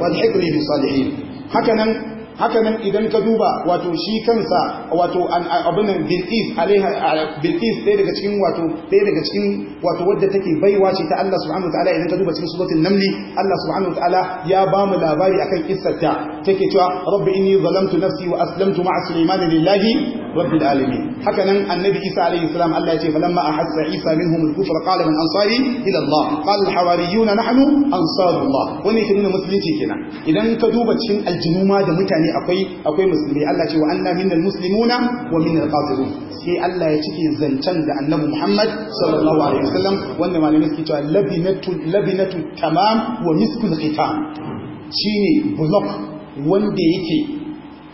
wa alhiqni bis salihin haka nan haka nan idan ka duba wato shi kansa wato abin nan bilqis alaiha bilqis daga cikin wato daga cikin wato wadda take baiwa ce ta Allah subhanahu wataala idan ka duba cikin suratul namli Allah subhanahu wataala ya ba mu labari akan ta take cewa rabbi inni zalamtu nafsi wa aslamtu ma'a sulaiman lillahi rabbil alamin haka nan annabi isa alaihi salam Allah ya ce falamma ahassa isa minhum al-kufra qala man ansari ila Allah qala al-hawariyuna nahnu ansarullah wani kin musulunci kenan idan ka duba cikin aljinuma da mutane mutane akwai akwai musulmi Allah ce wa anna minnal muslimuna wa minnal qasirun sai Allah ya cike zancen da Annabi Muhammad sallallahu alaihi wasallam wanda malamai suke cewa labinatu labinatu tamam wa miskul khitam shine block wanda yake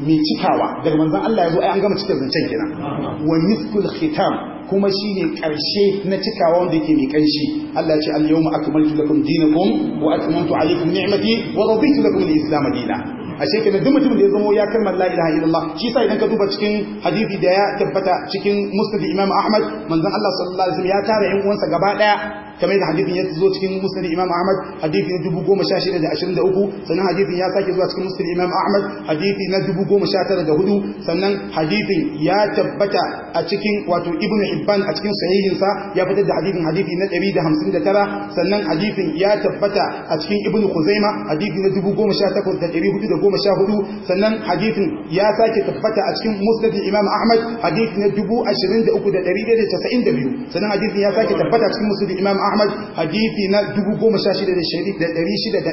mai cikawa daga manzon Allah ya zo ai an gama cikin zancen kenan wa miskul khitam kuma shine karshe na cikawa wanda yake mai kanshi Allah ya ce al yawma akmaltu lakum dinakum wa atmamtu alaykum ni'mati wa raditu lakum al-islam dinan ashe kenan duk mutum da ya zamo ya kalmar la ilaha illallah shi idan ka duba cikin hadisi da ya tabbata cikin musnad imam ahmad manzon Allah sallallahu alaihi wasallam ya tara yan uwansa gaba daya kamar yadda hadithin ya zo cikin musnad imam ahmad hadithi na 1623 sannan hadithin ya sake zuwa cikin musnad imam ahmad hadithi na 1904 sannan hadithin ya tabbata a cikin wato ibnu hibban a cikin sahihinsa ya fitar da hadithin hadithi na 159 sannan hadithin ya tabbata a cikin ibnu khuzaima hadithi na 18414 sannan hadithin ya sake tabbata a cikin musnad imam ahmad hadithi na 23192 sannan hadithin ya sake tabbata a cikin musnad imam ahmad ahmad hadithi na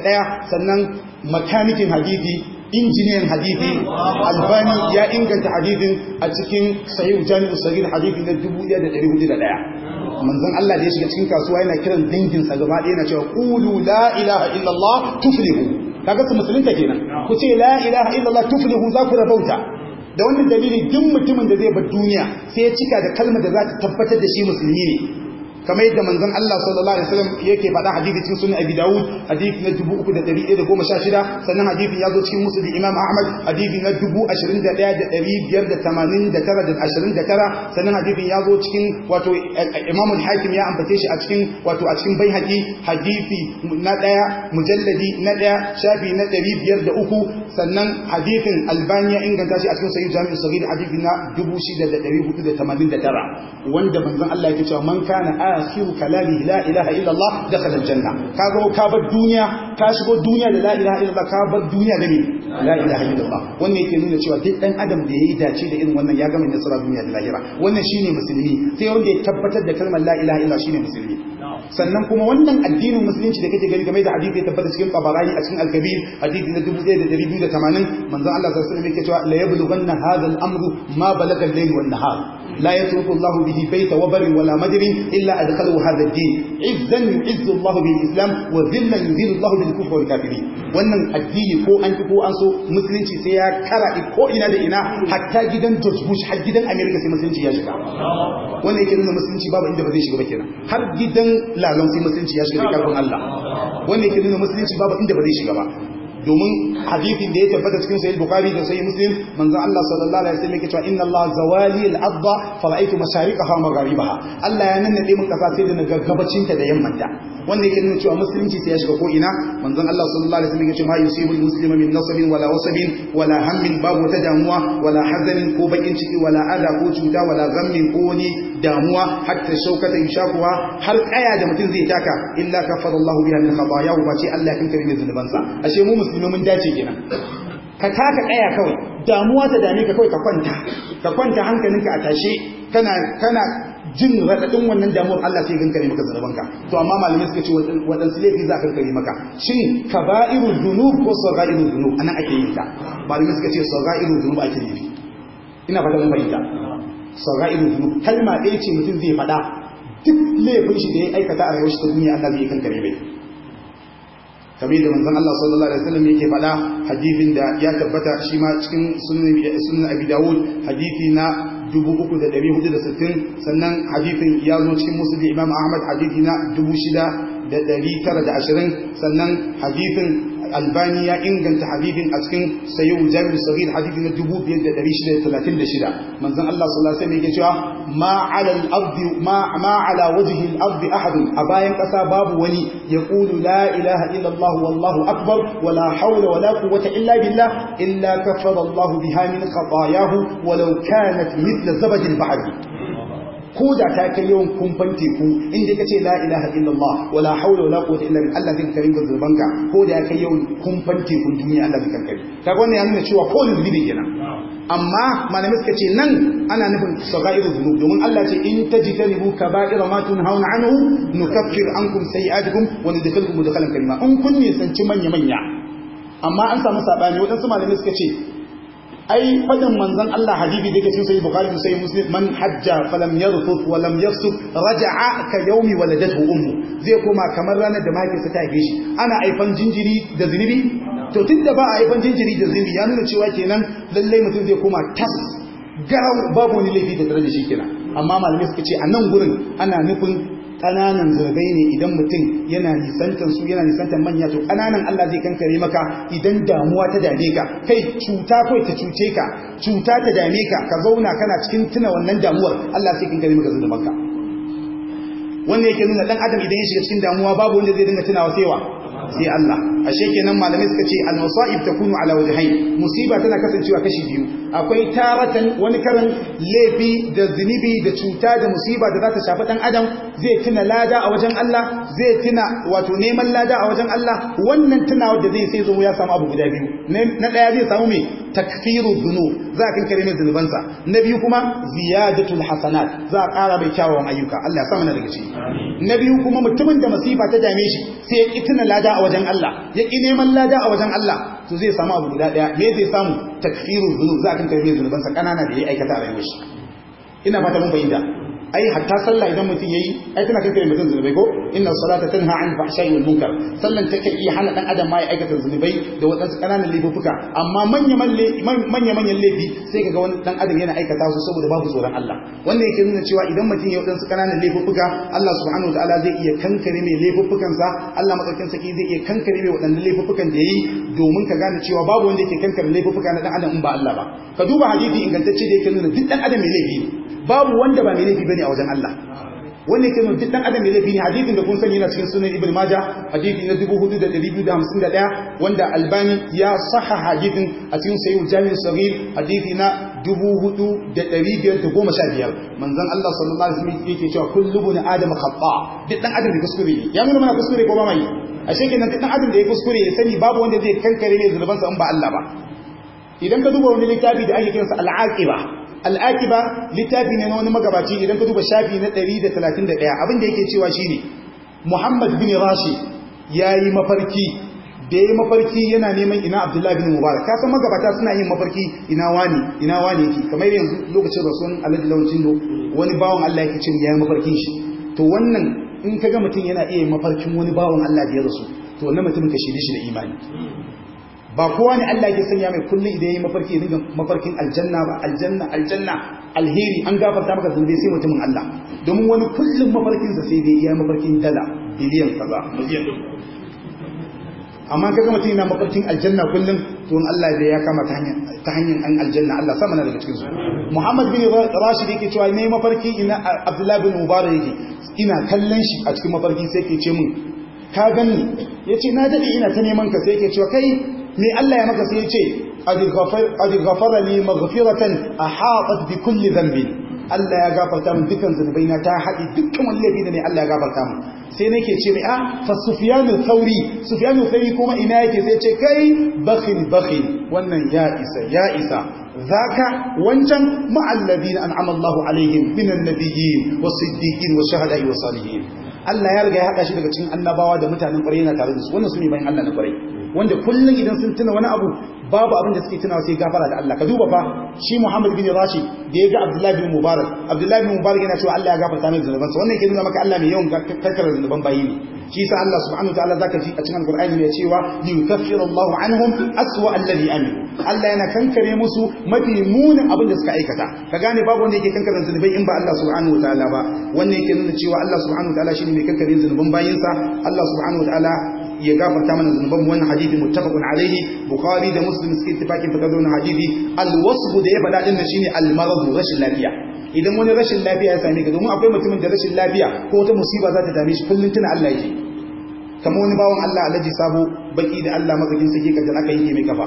ɗaya. sannan makanikin hadithi injiniyan hadithi albani ya inganta hadithin a cikin sayin jami'u sayin hadithi na 1401 manzon Allah da ya shiga cikin kasuwa yana kiran sa gaba ɗaya yana cewa qulu la ilaha illallah tuflihu kaga su ta kenan ku ce la ilaha illallah tuflihu za ku rabauta da wannan dalili duk mutumin da zai bar duniya sai ya cika da kalmar da za ta tabbatar da shi musulmi ne kamar yadda manzon Allah sallallahu alaihi wasallam yake faɗa hadisi cikin sunan Abi Dawud hadisi na 3116 sannan hadisin ya zo cikin Muslim Imam Ahmad hadisi na 21589 sannan hadisin ya zo cikin wato eh, Imam Al-Hakim ya ambace shi a cikin wato a cikin Baihaqi hadisi na daya mujalladi na daya shafi na 503 sannan hadisin Albani ya inganta shi a cikin Sahih Jami' Sahih hadisi na 6489 wanda manzon Allah yake cewa man kana asiru kalami la ilaha illallah dakhala aljanna ka ga ka bar duniya ka shigo duniya da la ilaha illallah ka bar duniya da me la ilaha illallah wannan yake nuna cewa duk dan adam da yayi dace da irin wannan ya gama nasara duniya da lahira wannan shine musulmi sai wanda ya tabbatar da la ilaha illallah sannan kuma wannan addinin musulunci da kake gani game da hadisi ya tabbata cikin tabarani a cikin al-kabir hadisi na 1280 manzon Allah sallallahu alaihi wasallam yake cewa la yablughanna hadha al-amru ma balaga al-layl wan nahar لا يترك الله به بيت وبر ولا مدر إلا أدخله هذا الدين عزا يعز الله بالإسلام وذلا يذل الله بالكفر والكافرين wannan addini ko an ki ko an so musulunci sai ya kara ko ina da ina hatta gidan George Bush har gidan America sai musulunci ya shiga wannan yake nuna musulunci babu inda ba zai shiga ba kenan har gidan lalon sai musulunci ya shiga da karfin Allah wannan yake nuna musulunci inda ba zai shiga ba domin hadithin da ya tabbata cikin sahih bukhari da sahih muslim manzo Allah sallallahu alaihi wasallam yake cewa inna Allah zawali al-adha fara'aytu mashariqaha wa magharibaha Allah ya nannade min kasa sai da na gaggabacin ta da yamma ta wanda yake nuna cewa musulunci sai ya shiga ko ina manzon Allah sallallahu alaihi wasallam ya ce ma yusibul muslima min nasabin wala wasabin wala hammin babu wata damuwa wala hazanin ko bakin ciki wala ada ko cuta wala ghammin ko wani damuwa hatta shaukata shakuwa. har kaya da mutum zai taka illa kafarallahu biha min khatayahu ba ce Allah ya kankare ne sa, ashe mu musulmi mun dace kenan ka taka kaya kawai damuwa ta dame ka kawai ka kwanta ka kwanta hankalinka a tashe kana kana jin raɗaɗin wannan damuwar Allah sai gankare maka zarabanka to amma malamai suka ce waɗansu laifi za a kankare maka shin kaba'irul dunub ko sagairul dunub anan ake yin ta malamai suka ce sagairul dunub ake yi ina fata mun fahimta sagairul dunub kalma ɗaya ce mutum zai faɗa duk laifin shi da ya aikata a rayuwar shi ta duniya Allah zai kankare mai kamar da manzon Allah sallallahu alaihi wasallam yake faɗa hadisin da ya tabbata shi ma cikin sunan Abi Dawud hadisi na sittin sannan hadithin ya zo cikin da imam ahmad hadithi na 6920 sannan hadithin albani ya inganta hadithin a cikin sayi biyar da da talatin na 5636 manzan allah sallallahu alaihi wasallam yake cewa ma ala wajihin ardi ahadun a bayan ƙasa babu wani ya ƙulu la ilaha illallah wallahu akbar wala haula wala quwwata illa billah illa kafara Allah biha min khatayahu walau kanat mithla zabadil ba'd ko da ta kai yawan kumfan teku inda ka ce la ilaha illallah wala haula wala quwwata illa billah Allah zai karin zurban ka ko da ya kai yawan kumfan ku. duniya Allah zai kankare ta wannan ya nuna cewa ko zunubi ne gina. amma malamai suka ce nan ana nufin sagairu zunub domin Allah ce in ta tajtanibu kaba'ira ma tunhauna anhu nukaffir ankum sayi'atikum wa da kalan kalima in kun nisanci manya manya amma an samu sabani waɗansu malamai suka ce ai fadin manzon Allah hadisi da yake cikin sahih bukhari da sahih muslim man hajja falam yarfuth wa lam yafsuk raja'a ka yawmi waladatu ummu zai koma kamar ranar da sa ta haife shi ana aifan jinjiri da zunubi to tunda ba a aifan jinjiri da zunubi ya nuna cewa kenan lalle mutum zai koma tas garau babu wani laifi da daraja da shi kenan amma malamai suka ce a nan gurin ana nufin ƙananan zurbai ne idan mutum yana nisantar su yana nisantar manya to ƙananan Allah zai kankare maka idan damuwa ta dame ka kai cuta kai ta cuce ka cuta ta dame ka ka zauna kana cikin tuna wannan damuwar Allah sai kankare maka maka wannan yake nuna dan adam idan ya shiga cikin damuwa babu wanda zai dinga tunawa sai wa sai Allah ashe kenan malamai suka ce al-masa'ib takunu ala wajhayn musiba tana kasancewa kashi biyu akwai taratan wani karan laifi da zunubi da cuta da musiba da za ta shafi dan adam zai tuna lada a wajen Allah zai tuna wato neman lada a wajen Allah wannan tunawar da zai sai zo ya samu abu guda biyu na daya zai samu me takfiru dhunub za ka kankare mai zunubansa na biyu kuma ziyadatul hasanat za a ƙara mai kyawawan ayyuka Allah ya sa mana daga ciki na biyu kuma mutumin da musiba ta dame shi sai ya tuna lada a wajen Allah ya ƙi neman lada a wajen Allah to zai samu abu guda ɗaya me zai samu takfirun zunub za a kan karbe zunubansa ƙanana da ya aikata a rayuwar shi ina fata mun fahimta ai hatta sallah idan mutum yayi ai tana mai mutum zunubai ko inna salata tanha an fahsha'i wal munkar sallan take iya hana dan adam ma ya aikata zunubai da wadansu kananan laifuka amma manya manya manyan laifi sai kaga wani dan adam yana aikata su saboda babu tsoron Allah wanda yake nuna cewa idan mutum ya wadansu kananan laifuka Allah subhanahu wataala zai iya kankare mai laifukan sa Allah madaukakin saki zai iya kankare mai wadannan laifukan da yayi domin ka gane cewa babu wanda yake kankare laifuka na dan adam in ba Allah ba ka duba hadisi ingantacce da yake nuna duk dan adam mai laifi babu wanda ba mai laifi ba ne a wajen Allah wannan yake nuna dan adam ne laifi ne hadisin da kun sani na cikin sunan ibn majah hadisi na 4251 wanda albani ya saha hadisin a cikin sahih jami' sahih hadisi na 4515 manzon Allah sallallahu alaihi wasallam yake cewa kullu bun adam khata duk dan adam ne kuskure ya nuna mana kuskure ko ba mai ashe kenan duk dan adam da ya kuskure ya sani babu wanda zai kankare ne zulubansa in ba Allah ba idan ka duba wani littafi da ake kiransa al-aqiba al'akiba littafi ne na wani magabaci idan ka duba shafi na 131 abin da yake cewa shi ne. muhammad bin rashi yi mafarki da ya yi mafarki yana neman ina abdullahi bin mubarak ka san magabata suna yin mafarki ina wani ina wani yake kamar yanzu lokacin rasulun alhaji lawancin do wani bawan Allah yake ya yi mafarkin shi to wannan in ka ga mutum yana iya mafarkin wani bawan Allah ya rasu to wannan mutum ka ne shi da imani ba kowa ne Allah yake sanya mai kullum idan yayi mafarki ya dinga mafarkin aljanna ba aljanna aljanna alheri an gafarta maka zunubi sai mutumin Allah domin wani kullum mafarkin sa sai dai yayi mafarkin dala biliyan kaza miliyan amma kaga mutum yana mafarkin aljanna kullum to in Allah da ya kama ta hanyar an aljanna Allah sama na daga cikin su Muhammad bin Rashid yake cewa ne mafarki ina Abdullah bin Mubarak yake ina kallon shi a cikin mafarki sai yake ce min ka gani yace na dade ina ta neman ka sai yake cewa kai ne Allah ya maka sai ya ce adi ne magafiratan a ahatat bi kulli zambi Allah ya gafarta min dukkan na ta haɗi dukkan wani da ne Allah ya gafarta min sai nake ce mai a ah, fa Sufiyanu thauri Sufiyanu thauri kuma ina yake sai ce kai bakhil bakhil wannan ya isa ya isa zaka wancan ma alladhina an'ama Allahu alaihim minan nabiyyin was-siddiqin shahada shuhadai wasu salihin Allah ya riga ya haɗa shi daga cikin annabawa da mutanen ƙwarai yana tare da su wannan su ne bayan Allah na ƙwarai wanda kullum idan sun tuna wani abu babu abin da suke tunawa sai gafara da Allah ka duba fa shi Muhammad bin Rashid da ya ga Abdullahi bin Mubarak Abdullahi bin Mubarak yana cewa Allah ya gafarta mai zunuban sa wannan yake nuna maka Allah mai yawan karkar zunuban bayi ne shi sa Allah subhanahu wataala zaka ji a cikin Al-Qur'ani mai cewa yukaffiru Allahu anhum aswa alladhi amin Allah yana kankare musu mafi munin abin da suka aikata ka gane babu wanda yake kankare zunubai in ba Allah subhanahu wataala ba wannan yake nuna cewa Allah subhanahu wataala shine mai kankare zunuban bayinsa Allah subhanahu wataala ya gafarta mana zunuban mu wannan hadisi muttafaqun alaihi bukhari da muslim suke tafakin fa wannan hadisi alwasf da ya faɗa din nan shine almarad rashin lafiya idan wani rashin lafiya ya same ka domin akwai mutumin da rashin lafiya ko wata musiba za ta dame shi kullun tana Allah yake kamar wani bawan Allah alaji sabo baki da Allah mazakin sake da aka yi mai kafa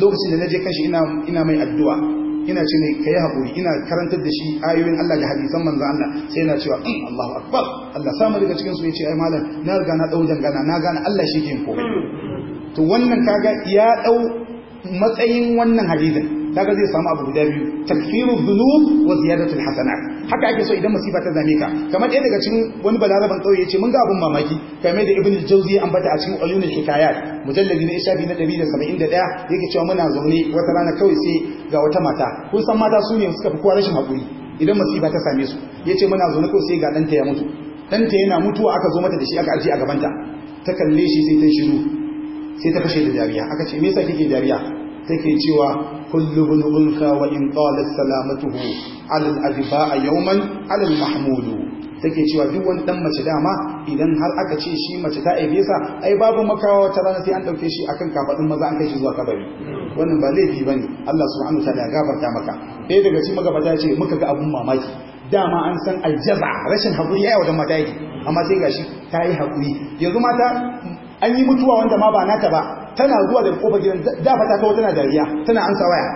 lokacin da naje kashi ina ina mai addu'a ina ce ka yi haƙuri ina karantar da shi ayoyin Allah da hadisan manzan Allah sai yana cewa in mm, Allahu akbar Allah samu daga cikin su ce ai malam na riga na dau dangana na gane Allah shi ke komai to wannan kaga ya dau matsayin wannan hadisin kaga zai samu abu guda biyu takfiru dhunub wa ziyadatul hasanat haka ake so idan masifa ta zame ka kamar ɗaya daga cikin wani balaraban ya ce mun ga abun mamaki kamar da ibnu jawzi an bata a cikin uyunul hikayat mujalladi na ishabi na 171 yake cewa muna zaune wata rana kawai sai ga wata mata kun san mata su ne suka fi kowa rashin haƙuri idan masifa ta same su ya ce muna zaune ko sai ga ɗanta ya mutu ɗanta yana mutuwa aka zo mata da shi aka ajiye a gabanta ta kalle shi sai ta shiru sai ta fashe da dariya aka ce me yasa kike dariya take cewa kullu bin unka wa in qalat salamatuhu al adba yawman al mahmudu take cewa duk wani dan mace dama idan har aka ce shi mace ta aibe sa ai babu makawa wata rana sai an dauke shi akan kafadin maza an kai shi zuwa kabari wannan ba laifi bane Allah subhanahu wa ta'ala ya gafarta maka ɗaya daga cikin magabata ya ce muka ga abun mamaki dama an san aljaza rashin haƙuri ya yi wajen mata yake amma sai gashi ta yi hakuri. yanzu mata an yi mutuwa wanda ma ba nata ba tana zuwa daga kofar gidan dafa ta kawo tana dariya tana ansa waya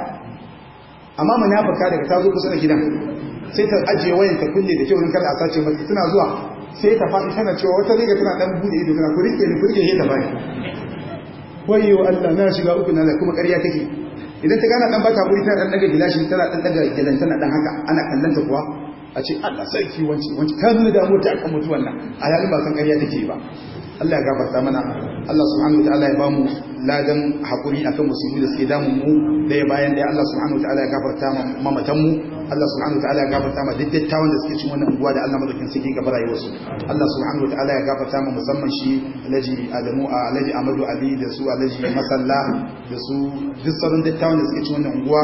amma munafika daga ta zo kusa da gidan sai ta ajiye wayan ta kulle da kyau in kada a sace mata tana zuwa sai ta faɗi tana cewa wata riga tana dan bude ido tana ku rike ni ku rike ta baki wayo Allah na shiga uku na kuma ƙarya take idan ta gana dan bata kuri tana dan daga gilashin tana dan daga gilan tana dan haka ana kallon ta kuwa a ce Allah sarki wanci wanci ta nuna da mota a mutuwan nan a yayin ba san ƙarya take ba Allah ya gafarta mana Allah subhanahu wataala ya bamu ladan hakuri akan musibu da suke damun mu da ya bayan da Allah subhanahu wataala ya gafarta mamatan mu Allah subhanahu wataala ya gafarta ma duk dattawan da suke cin wannan unguwa da Allah madaukin sarki gaba rayuwarsu Allah subhanahu wataala ya gafarta ma musamman shi Alhaji Adamu a Alhaji Amadu Ali da su Alhaji Masalla da su duk sauran dattawan da suke cin wannan unguwa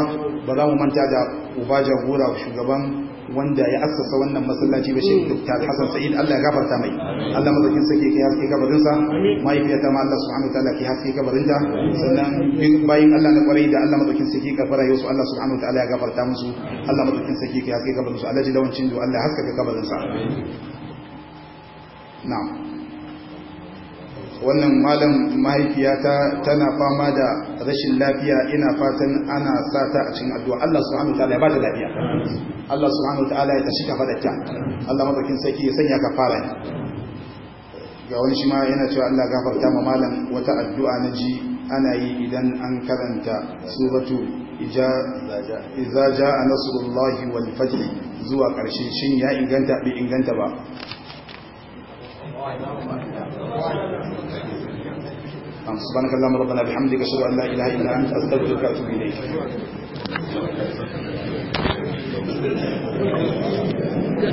ba za mu manta da uba jagora shugaban wanda ya assasa wannan masallaci ba shi Dr. Hassan Sa'id Allah ya gafarta mai Allah madaukin sake kai haske kabarin sa mahaifiyata ma Allah subhanahu wataala kai haske kabarin ta sannan bayin Allah na kwarai da Allah madaukin sake kafara yau su Allah subhanahu wataala ya gafarta musu Allah madaukin sake kai haske kabarin su Allah ji lawancin da Allah haskaka kabarin sa na'am wannan malam mahaifiyata tana fama da rashin lafiya ina fatan ana sata a cikin addu'a Allah subhanahu wataala ya bata lafiya Allah subhanahu wataala ya tashi kafadarta Allah madaukin sarki ya sanya fara. ga wani shi ma yana cewa Allah gafarta ma malam wata addu'a na ji ana yi idan an karanta suratu iza ja'a nasrullahi wal fajr zuwa karshe shin ya inganta bai inganta ba سبحانك اللهم ربنا بحمدك اشهد ان لا اله الا انت استغفرك واتوب اليك